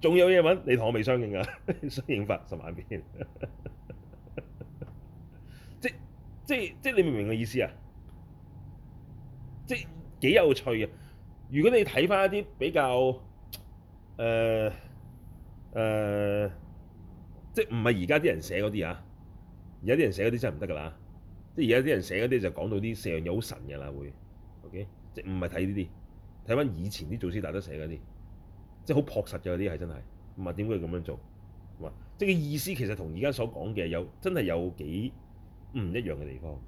Speaker 1: 仲有嘢問？你同我未相應啊？相應法十萬片，即即即你明唔明我意思啊？即幾有趣嘅。如果你睇翻一啲比較誒誒、呃呃，即唔係而家啲人寫嗰啲啊，而家啲人寫嗰啲真係唔得㗎啦。即而家啲人寫嗰啲就講到啲四樣嘢好神㗎啦，會 OK？即唔係睇呢啲，睇翻以前啲祖師大德寫嗰啲，即好樸實㗎嗰啲係真係。唔話點解要咁樣做。唔話即個意思其實同而家所講嘅有真係有幾唔一樣嘅地方。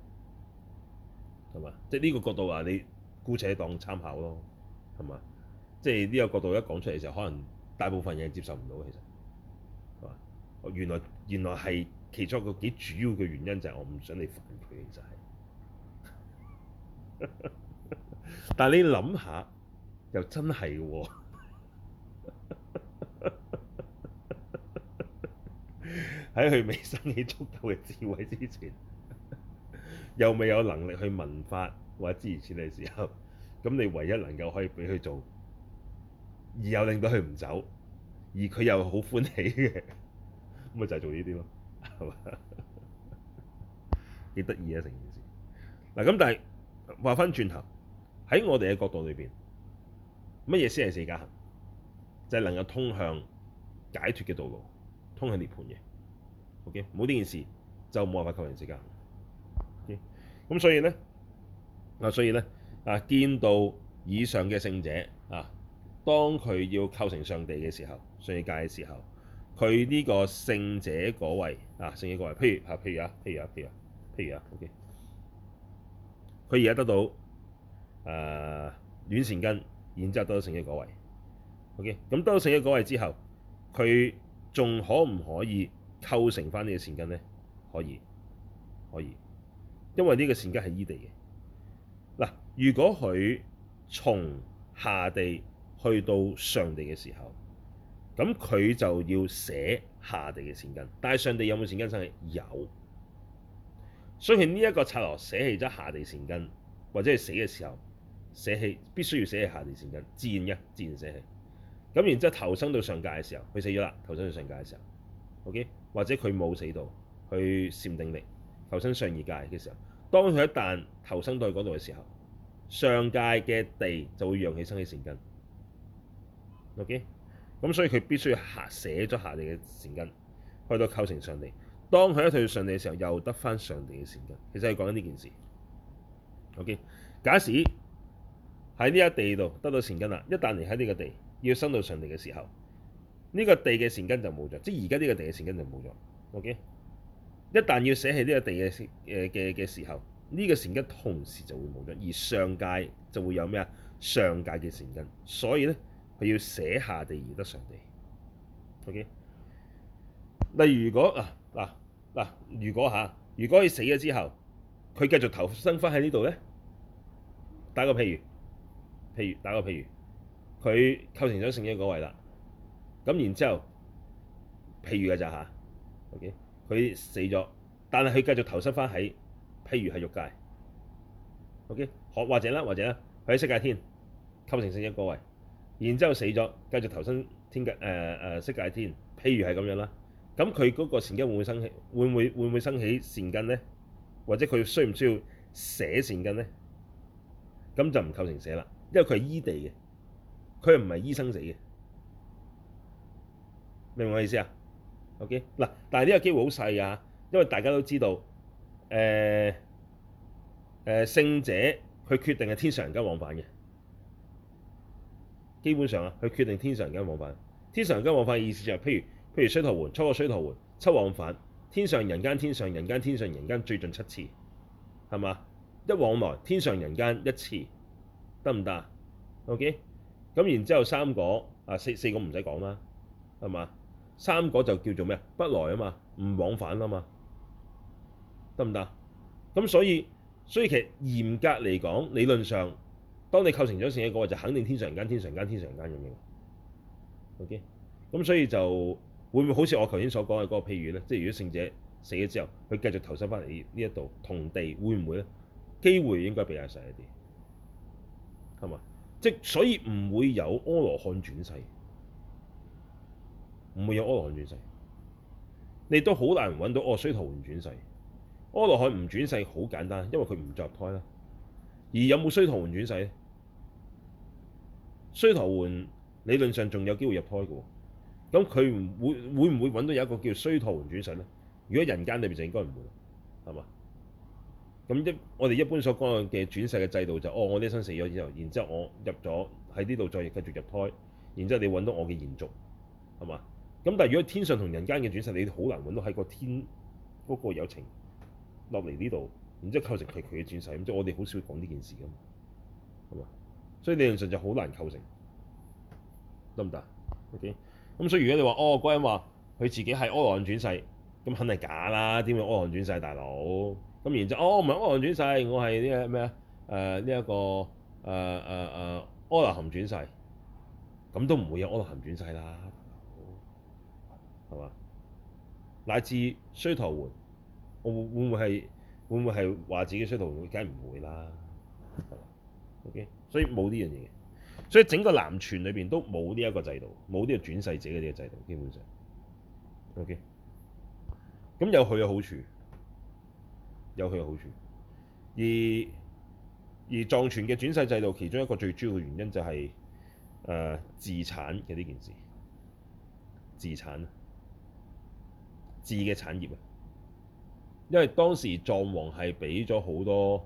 Speaker 1: 係嘛？即係呢個角度啊，你姑且當參考咯，係嘛？即係呢個角度一講出嚟就可能大部分嘢接受唔到，其實係嘛？原來原來係其中一個幾主要嘅原因就係、是、我唔想你反叛，其實係。但係你諗下，又真係喎。喺佢未生起足夠嘅智慧之前。又未有能力去文化或者支援錢嘅時候，咁你唯一能夠可以俾佢做，而又令到佢唔走，而佢又好歡喜嘅，咁咪就係做呢啲咯，係嘛？幾得意啊成件事！嗱，咁但係話翻轉頭喺我哋嘅角度裏邊，乜嘢先係四加行就係、是、能夠通向解脫嘅道路，通向涅槃嘅。OK，冇呢件事就冇辦法救人四加行。咁所以咧，啊，所以咧，啊，見道以上嘅聖者啊，當佢要構成上地嘅時候，上地界嘅時候，佢呢個聖者嗰位啊，聖者嗰位，譬如啊，譬如啊，譬如啊，譬如，譬如啊，OK，佢而家得到啊煖善根，然之後得到聖者嗰位，OK，咁得到聖者嗰位之後，佢仲可唔可以構成返呢個善根咧？可以，可以。因為呢個善根係依地嘅，嗱，如果佢從下地去到上地嘅時候，咁佢就要捨下地嘅善根。但係上地有冇善根生起？有，所以呢一個策略捨棄咗下地善根，或者係死嘅時候捨棄，必須要捨棄下地善根，自然嘅，自然捨棄。咁然之後投生到上界嘅時候，佢死咗啦，投生到上界嘅時候，OK，或者佢冇死到去禪定力。投生上二界嘅時候，當佢一旦投生到去嗰度嘅時候，上界嘅地就會揚起升起善根。OK，咁所以佢必須要下寫咗下地嘅善根，去到構成上地。當佢一退到上地嘅時候，又得翻上地嘅善根。其實佢講緊呢件事。OK，假使喺呢一地度得到善根啦，一旦離喺呢個地要升到上地嘅時候，呢個地嘅善根就冇咗，即係而家呢個地嘅善根就冇咗。OK。一旦要捨棄呢個地嘅嘅嘅時候，呢、呢個善根同時就會冇咗，而上界就會有咩啊？上界嘅善根，所以咧，佢要捨下地而得上地。O.K. 例如果、啊啊，如果嗱嗱嗱，如果嚇，如果佢死咗之後，佢繼續投生翻喺呢度咧，打個譬如，譬如打個譬如，佢構成咗善根嗰位啦，咁然之後，譬如嘅咋吓。o、okay? k 佢死咗，但係佢繼續投身翻喺，譬如係欲界，OK，或或者啦，或者喺色界天，構成性一個位，然之後死咗，繼續投身天界，誒、呃、誒色界天，譬如係咁樣啦，咁佢嗰個善根會唔會生起？會唔會會唔會生起善根咧？或者佢需唔需要捨善根咧？咁就唔構成捨啦，因為佢係依地嘅，佢唔係依生死嘅，明唔明我意思啊？OK 嗱，但係呢個機會好細㗎，因為大家都知道，誒誒聖者佢決定係天上人間往返嘅，基本上啊，佢決定天上人間往返。天上人間往返意思就係、是、譬如譬如須陀洹初果須陀洹七往返，天上人間、天上人間、天上人間最盡七次，係嘛？一往來天上人間一次，得唔得？OK，咁然之後三個啊四四個唔使講啦，係嘛？三果就叫做咩？不來啊嘛，唔往返啦嘛，得唔得？咁所以所以其實嚴格嚟講，理論上，當你構成咗聖者嗰個，就肯定天上人間、天上人間、天上人間咁樣。OK，咁所以就會唔會好似我頭先所講嘅嗰個譬如咧，即係如果聖者死咗之後，佢繼續投身翻嚟呢一度同地，會唔會咧？機會應該比較細一啲，係嘛？即係所以唔會有阿羅漢轉世。唔會有阿羅漢轉世，你都好難揾到哦，須陀洹轉世。阿羅漢唔轉世好簡單，因為佢唔再入胎啦。而有冇須陀洹轉世咧？須陀洹理論上仲有機會入胎嘅喎。咁佢唔會會唔會揾到有一個叫須陀洹轉世咧？如果人間裏邊就應該唔會，係嘛？咁一我哋一般所講嘅轉世嘅制度就是、哦，我呢生死咗之後，然之後我入咗喺呢度再繼續入胎，然之後你揾到我嘅延續，係嘛？咁但係如果天上同人間嘅轉世，你好難揾到喺個天嗰個友情落嚟呢度，然之後構成係佢嘅轉世，咁即係我哋好少講呢件事嘛。係嘛？所以天上就好難構成，得唔得？OK？咁所以如果你話哦，嗰人話佢自己係阿羅漢轉世，咁肯定假啦，點會阿羅漢轉世大佬？咁然之後哦，唔係阿羅漢轉世，我係呢、呢個咩啊？誒呢一個誒誒誒阿羅漢轉世，咁都唔會有阿羅漢轉世啦。係嘛？乃至衰徒換，會不會唔會係會唔會係話自己衰徒換？梗係唔會啦。OK，所以冇呢樣嘢，所以整個南傳裏邊都冇呢一個制度，冇呢個轉世者嘅呢個制度，基本上。OK，咁有佢嘅好處，有佢嘅好處。而而藏傳嘅轉世制度，其中一個最主要嘅原因就係誒資產嘅呢件事，資產字嘅產業啊，因為當時藏王係俾咗好多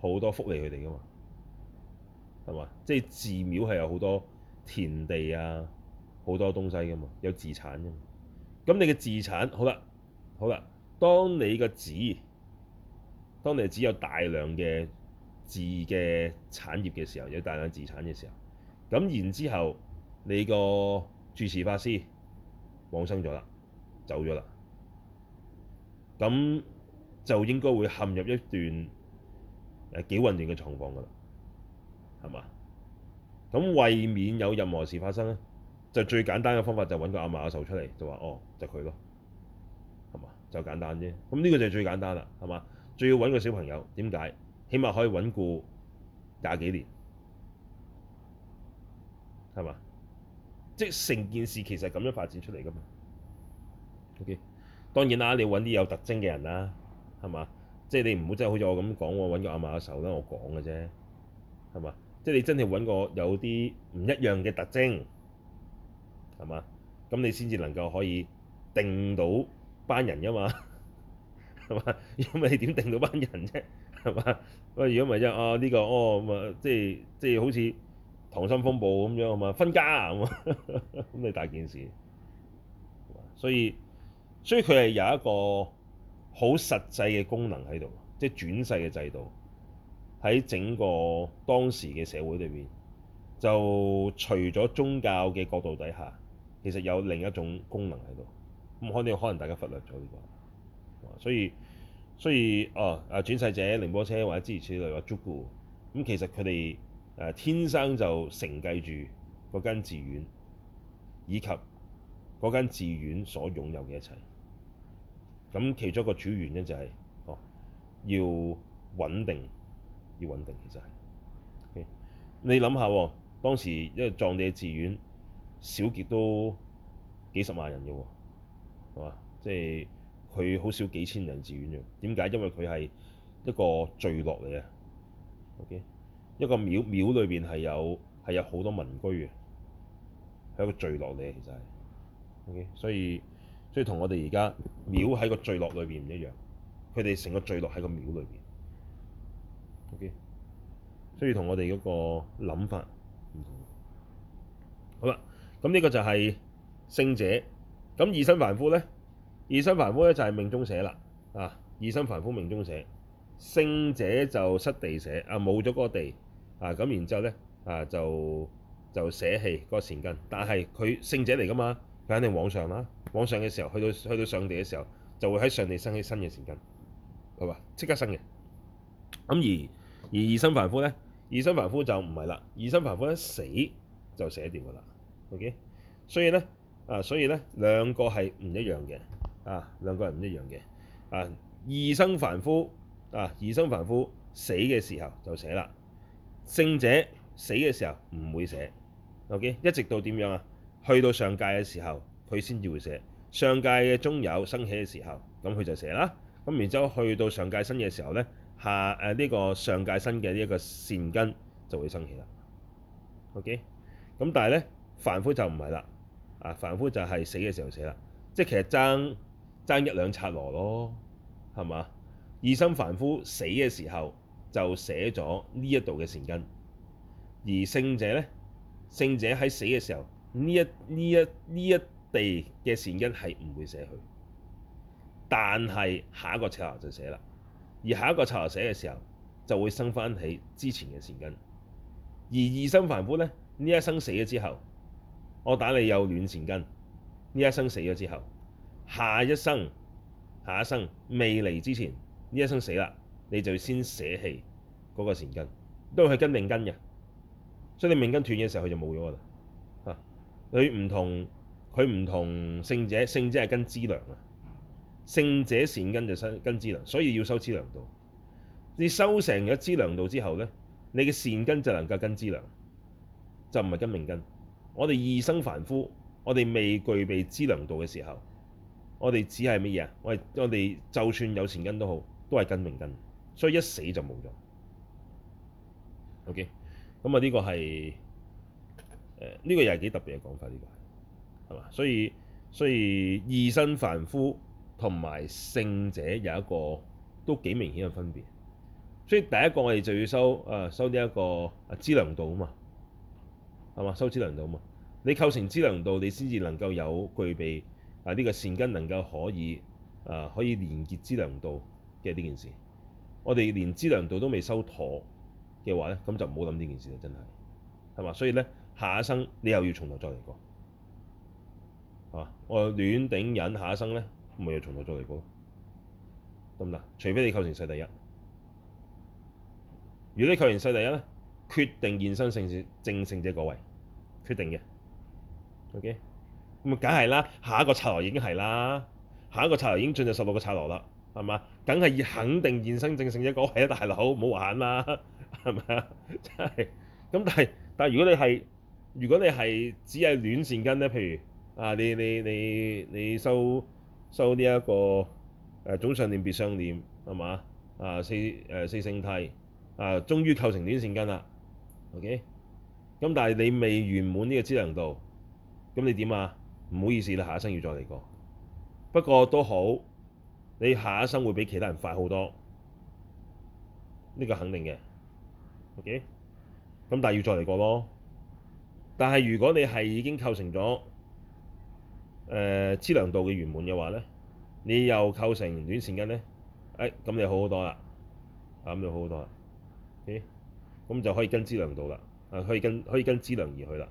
Speaker 1: 好多福利佢哋噶嘛，係嘛？即係寺廟係有好多田地啊，好多東西噶嘛，有自產噶嘛。咁你嘅自產好啦，好啦。當你個寺，當你只有大量嘅字嘅產業嘅時候，有大量自產嘅時候，咁然之後你個住持法師往生咗啦。走咗啦，咁就應該會陷入一段誒幾混亂嘅狀況噶啦，係嘛？咁為免有任何事發生咧，就最簡單嘅方法就揾個阿嫲、阿壽出嚟，就話哦，就佢咯，係嘛？就簡單啫。咁呢個就最簡單啦，係嘛？最要揾個小朋友，點解？起碼可以穩固廿幾年，係嘛？即係成件事其實咁樣發展出嚟噶嘛。Okay, 當然啦，你揾啲有特徵嘅人啦，係嘛？即係你唔好真係好似我咁講喎，揾個阿馬手啦，我講嘅啫，係嘛？即係你真係揾個有啲唔一樣嘅特徵，係嘛？咁你先至能夠可以定到班人噶嘛？係嘛？因 為你點點定到班人啫？係嘛？喂，如果唔係即啊呢個哦咁啊，即係即係好似溏心風暴咁樣啊嘛，分家啊咁咁你大件事， 所以。所以佢係有一個好實際嘅功能喺度，即係轉世嘅制度喺整個當時嘅社會裏面，就除咗宗教嘅角度底下，其實有另一種功能喺度，咁可能可能大家忽略咗呢個。所以所以哦，啊轉世者、靈波車或者諸如此類或祖古，咁其實佢哋誒天生就承繼住嗰間寺院，以及。嗰間寺院所擁有嘅一切，咁其中一個主要原因就係、是、哦，要穩定，要穩定，其實係。OK? 你諗下喎，當時因為藏地嘅寺院少極都幾十萬人嘅喎，係嘛？即係佢好少幾千人寺院啫。點解？因為佢係一個聚落嚟啊。OK，一個廟廟裏邊係有係有好多民居嘅，係一個聚落嚟，嘅，其實係。Okay, 所以，所以同我哋而家廟喺個聚落裏邊唔一樣。佢哋成個聚落喺個廟裏邊。O.K.，所以同我哋嗰個諗法唔同。好啦，咁呢個就係聖者。咁異生凡夫咧，異生凡夫咧就係命終捨啦。啊，異生凡夫命終捨，聖者就失地捨啊，冇咗嗰個地啊。咁然之後咧啊，就就捨棄嗰個善根，但係佢聖者嚟噶嘛？肯定往上啦，往上嘅時候，去到去到上地嘅時候，就會喺上地生起新嘅善根，係嘛？即刻生嘅。咁而而異生凡夫咧，異生凡夫就唔係啦，異生凡夫一死就捨掉噶啦。O.K. 所以咧，啊，所以咧，兩個係唔一樣嘅，啊，兩個係唔一樣嘅，啊，異生凡夫啊，異生凡夫死嘅時候就捨啦，聖者死嘅時候唔會捨。O.K. 一直到點樣啊？去到上界嘅時候，佢先至會捨，上界嘅中有生起嘅時候，咁佢就捨啦。咁然之後去到上界身嘅時候呢，下誒呢、這個上界身嘅呢一個善根就會生起啦。OK，咁但係呢，凡夫就唔係啦，啊凡夫就係死嘅時候捨啦，即係其實爭爭一兩剎羅咯，係嘛？異生凡夫死嘅時候就捨咗呢一度嘅善根，而聖者呢，聖者喺死嘅時候，呢一呢一呢一地嘅善根係唔會捨去，但係下一個茶就捨啦。而下一個茶捨嘅時候，就會生翻起之前嘅善根。而異生凡夫呢，呢一生死咗之後，我打你有煖善根。呢一生死咗之後，下一生下一生未嚟之前，呢一生死啦，你就先捨棄嗰個善根，都係跟命根嘅。所以你命根斷嘅時候，佢就冇咗啦。佢唔同，佢唔同聖者，聖者係跟資糧。啊，聖者善根就收跟資糧，所以要修資糧道。你修成咗資糧道之後咧，你嘅善根就能夠跟資糧，就唔係跟命根。我哋異生凡夫，我哋未具備資糧道嘅時候，我哋只係乜嘢啊？我哋我哋就算有善根都好，都係跟命根，所以一死就冇咗。OK，咁啊呢個係。呢、這個又係幾特別嘅講法，呢個係係嘛，所以所以，異生凡夫同埋聖者有一個都幾明顯嘅分別。所以第一個我哋就要收誒、啊、收呢、這、一個資糧度啊嘛，係嘛收資糧度啊嘛。你構成資糧度，你先至能夠有具備啊呢、這個善根，能夠可以啊可以連結資糧度嘅呢件事。我哋連資糧度都未收妥嘅話咧，咁就唔好諗呢件事啦，真係係嘛，所以咧。下一生你又要從頭再嚟過，嚇！我亂頂人，下一生咧咪又從頭再嚟過咯，得唔得？除非你構成世第一。如果你構成世第一咧，決定現身聖正聖者果位，決定嘅。OK，咁咪梗係啦，下一個剎那已經係啦，下一個剎那已經進入十六個剎那啦，係嘛？梗係肯定現生正聖者果位啦，大佬唔好玩啦，係咪？真係。咁 但係但係如果你係。如果你係只係煖善根咧，譬如啊，你你你你收收呢、這、一個誒總相念別相念，係嘛啊，四誒四聖諦啊，終於構成煖善根啦。OK，咁但係你未圓滿呢個資糧道，咁你點啊？唔好意思你下一生要再嚟過。不過都好，你下一生會比其他人快好多，呢、這個肯定嘅。OK，咁但係要再嚟過咯。但係如果你係已經構成咗誒資糧道嘅圓滿嘅話咧，你又構成短線因咧，誒、哎、咁你好好多啦，咁就好好多啦，就好很多啦，咁、okay? 就可以跟資糧道啦，啊可以跟可以跟資糧而去啦，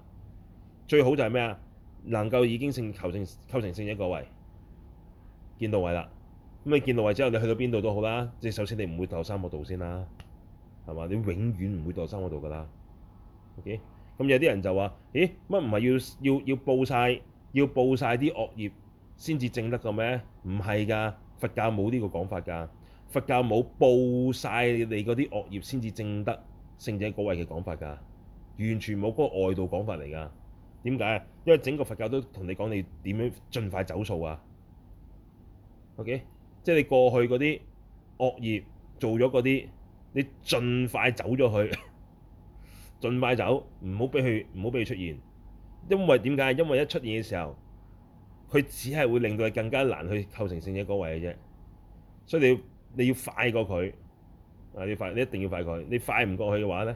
Speaker 1: 最好就係咩啊？能夠已經成構成構成構成一個位見道位啦，咁你見道位之後，你去到邊度都好啦，即係首先你唔會到三個度先啦，係嘛？你永遠唔會到三個度噶啦，ok。咁有啲人就話：咦，乜唔係要要要報晒要報曬啲惡業先至證得嘅咩？唔係㗎，佛教冇呢個講法㗎。佛教冇報晒你嗰啲惡業先至證得聖者果位嘅講法㗎，完全冇嗰個外道講法嚟㗎。點解？因為整個佛教都同你講你點樣盡快走數啊。OK，即係你過去嗰啲惡業做咗嗰啲，你盡快走咗佢。盡快走，唔好俾佢，唔好俾佢出現。因為點解？因為一出現嘅時候，佢只係會令到佢更加難去構成聖者個位嘅啫。所以你要你要快過佢啊！你快，你一定要快過佢。你快唔過佢嘅話咧，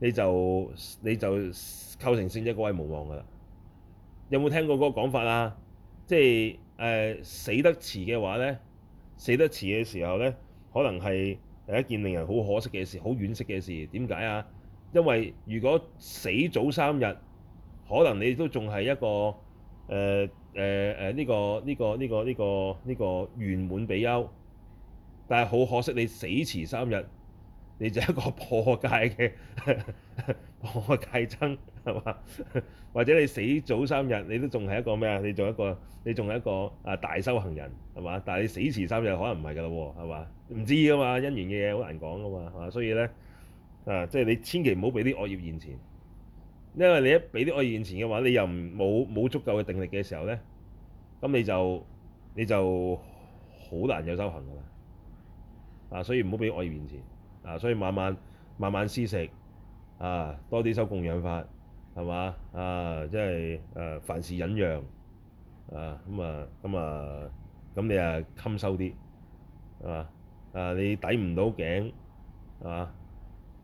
Speaker 1: 你就你就構成聖者個位無望噶啦。有冇聽過嗰個講法啊？即係誒死得遲嘅話咧，死得遲嘅時候咧，可能係係一件令人好可惜嘅事，好惋惜嘅事。點解啊？因為如果死早三日，可能你都仲係一個誒誒誒呢個呢個呢個呢個呢個圓滿比丘，但係好可惜你死遲三日，你就一個破戒嘅破戒僧係嘛？或者你死早三日，你都仲係一個咩啊？你仲一個你仲係一個啊大修行人係嘛？但係你死遲三日可能唔係㗎喎係嘛？唔知㗎嘛，因緣嘅嘢好難講㗎嘛係嘛？所以咧。啊！即係你千祈唔好俾啲惡業現前，因為你一俾啲惡業現前嘅話，你又唔冇冇足夠嘅定力嘅時候咧，咁你就你就好難有修行㗎啦。啊，所以唔好俾惡業現前。啊，所以慢慢慢慢施食啊，多啲修供養法係嘛啊，即係誒凡事忍讓啊，咁啊咁啊，咁你啊襟收啲係嘛啊？你抵唔到頸係嘛？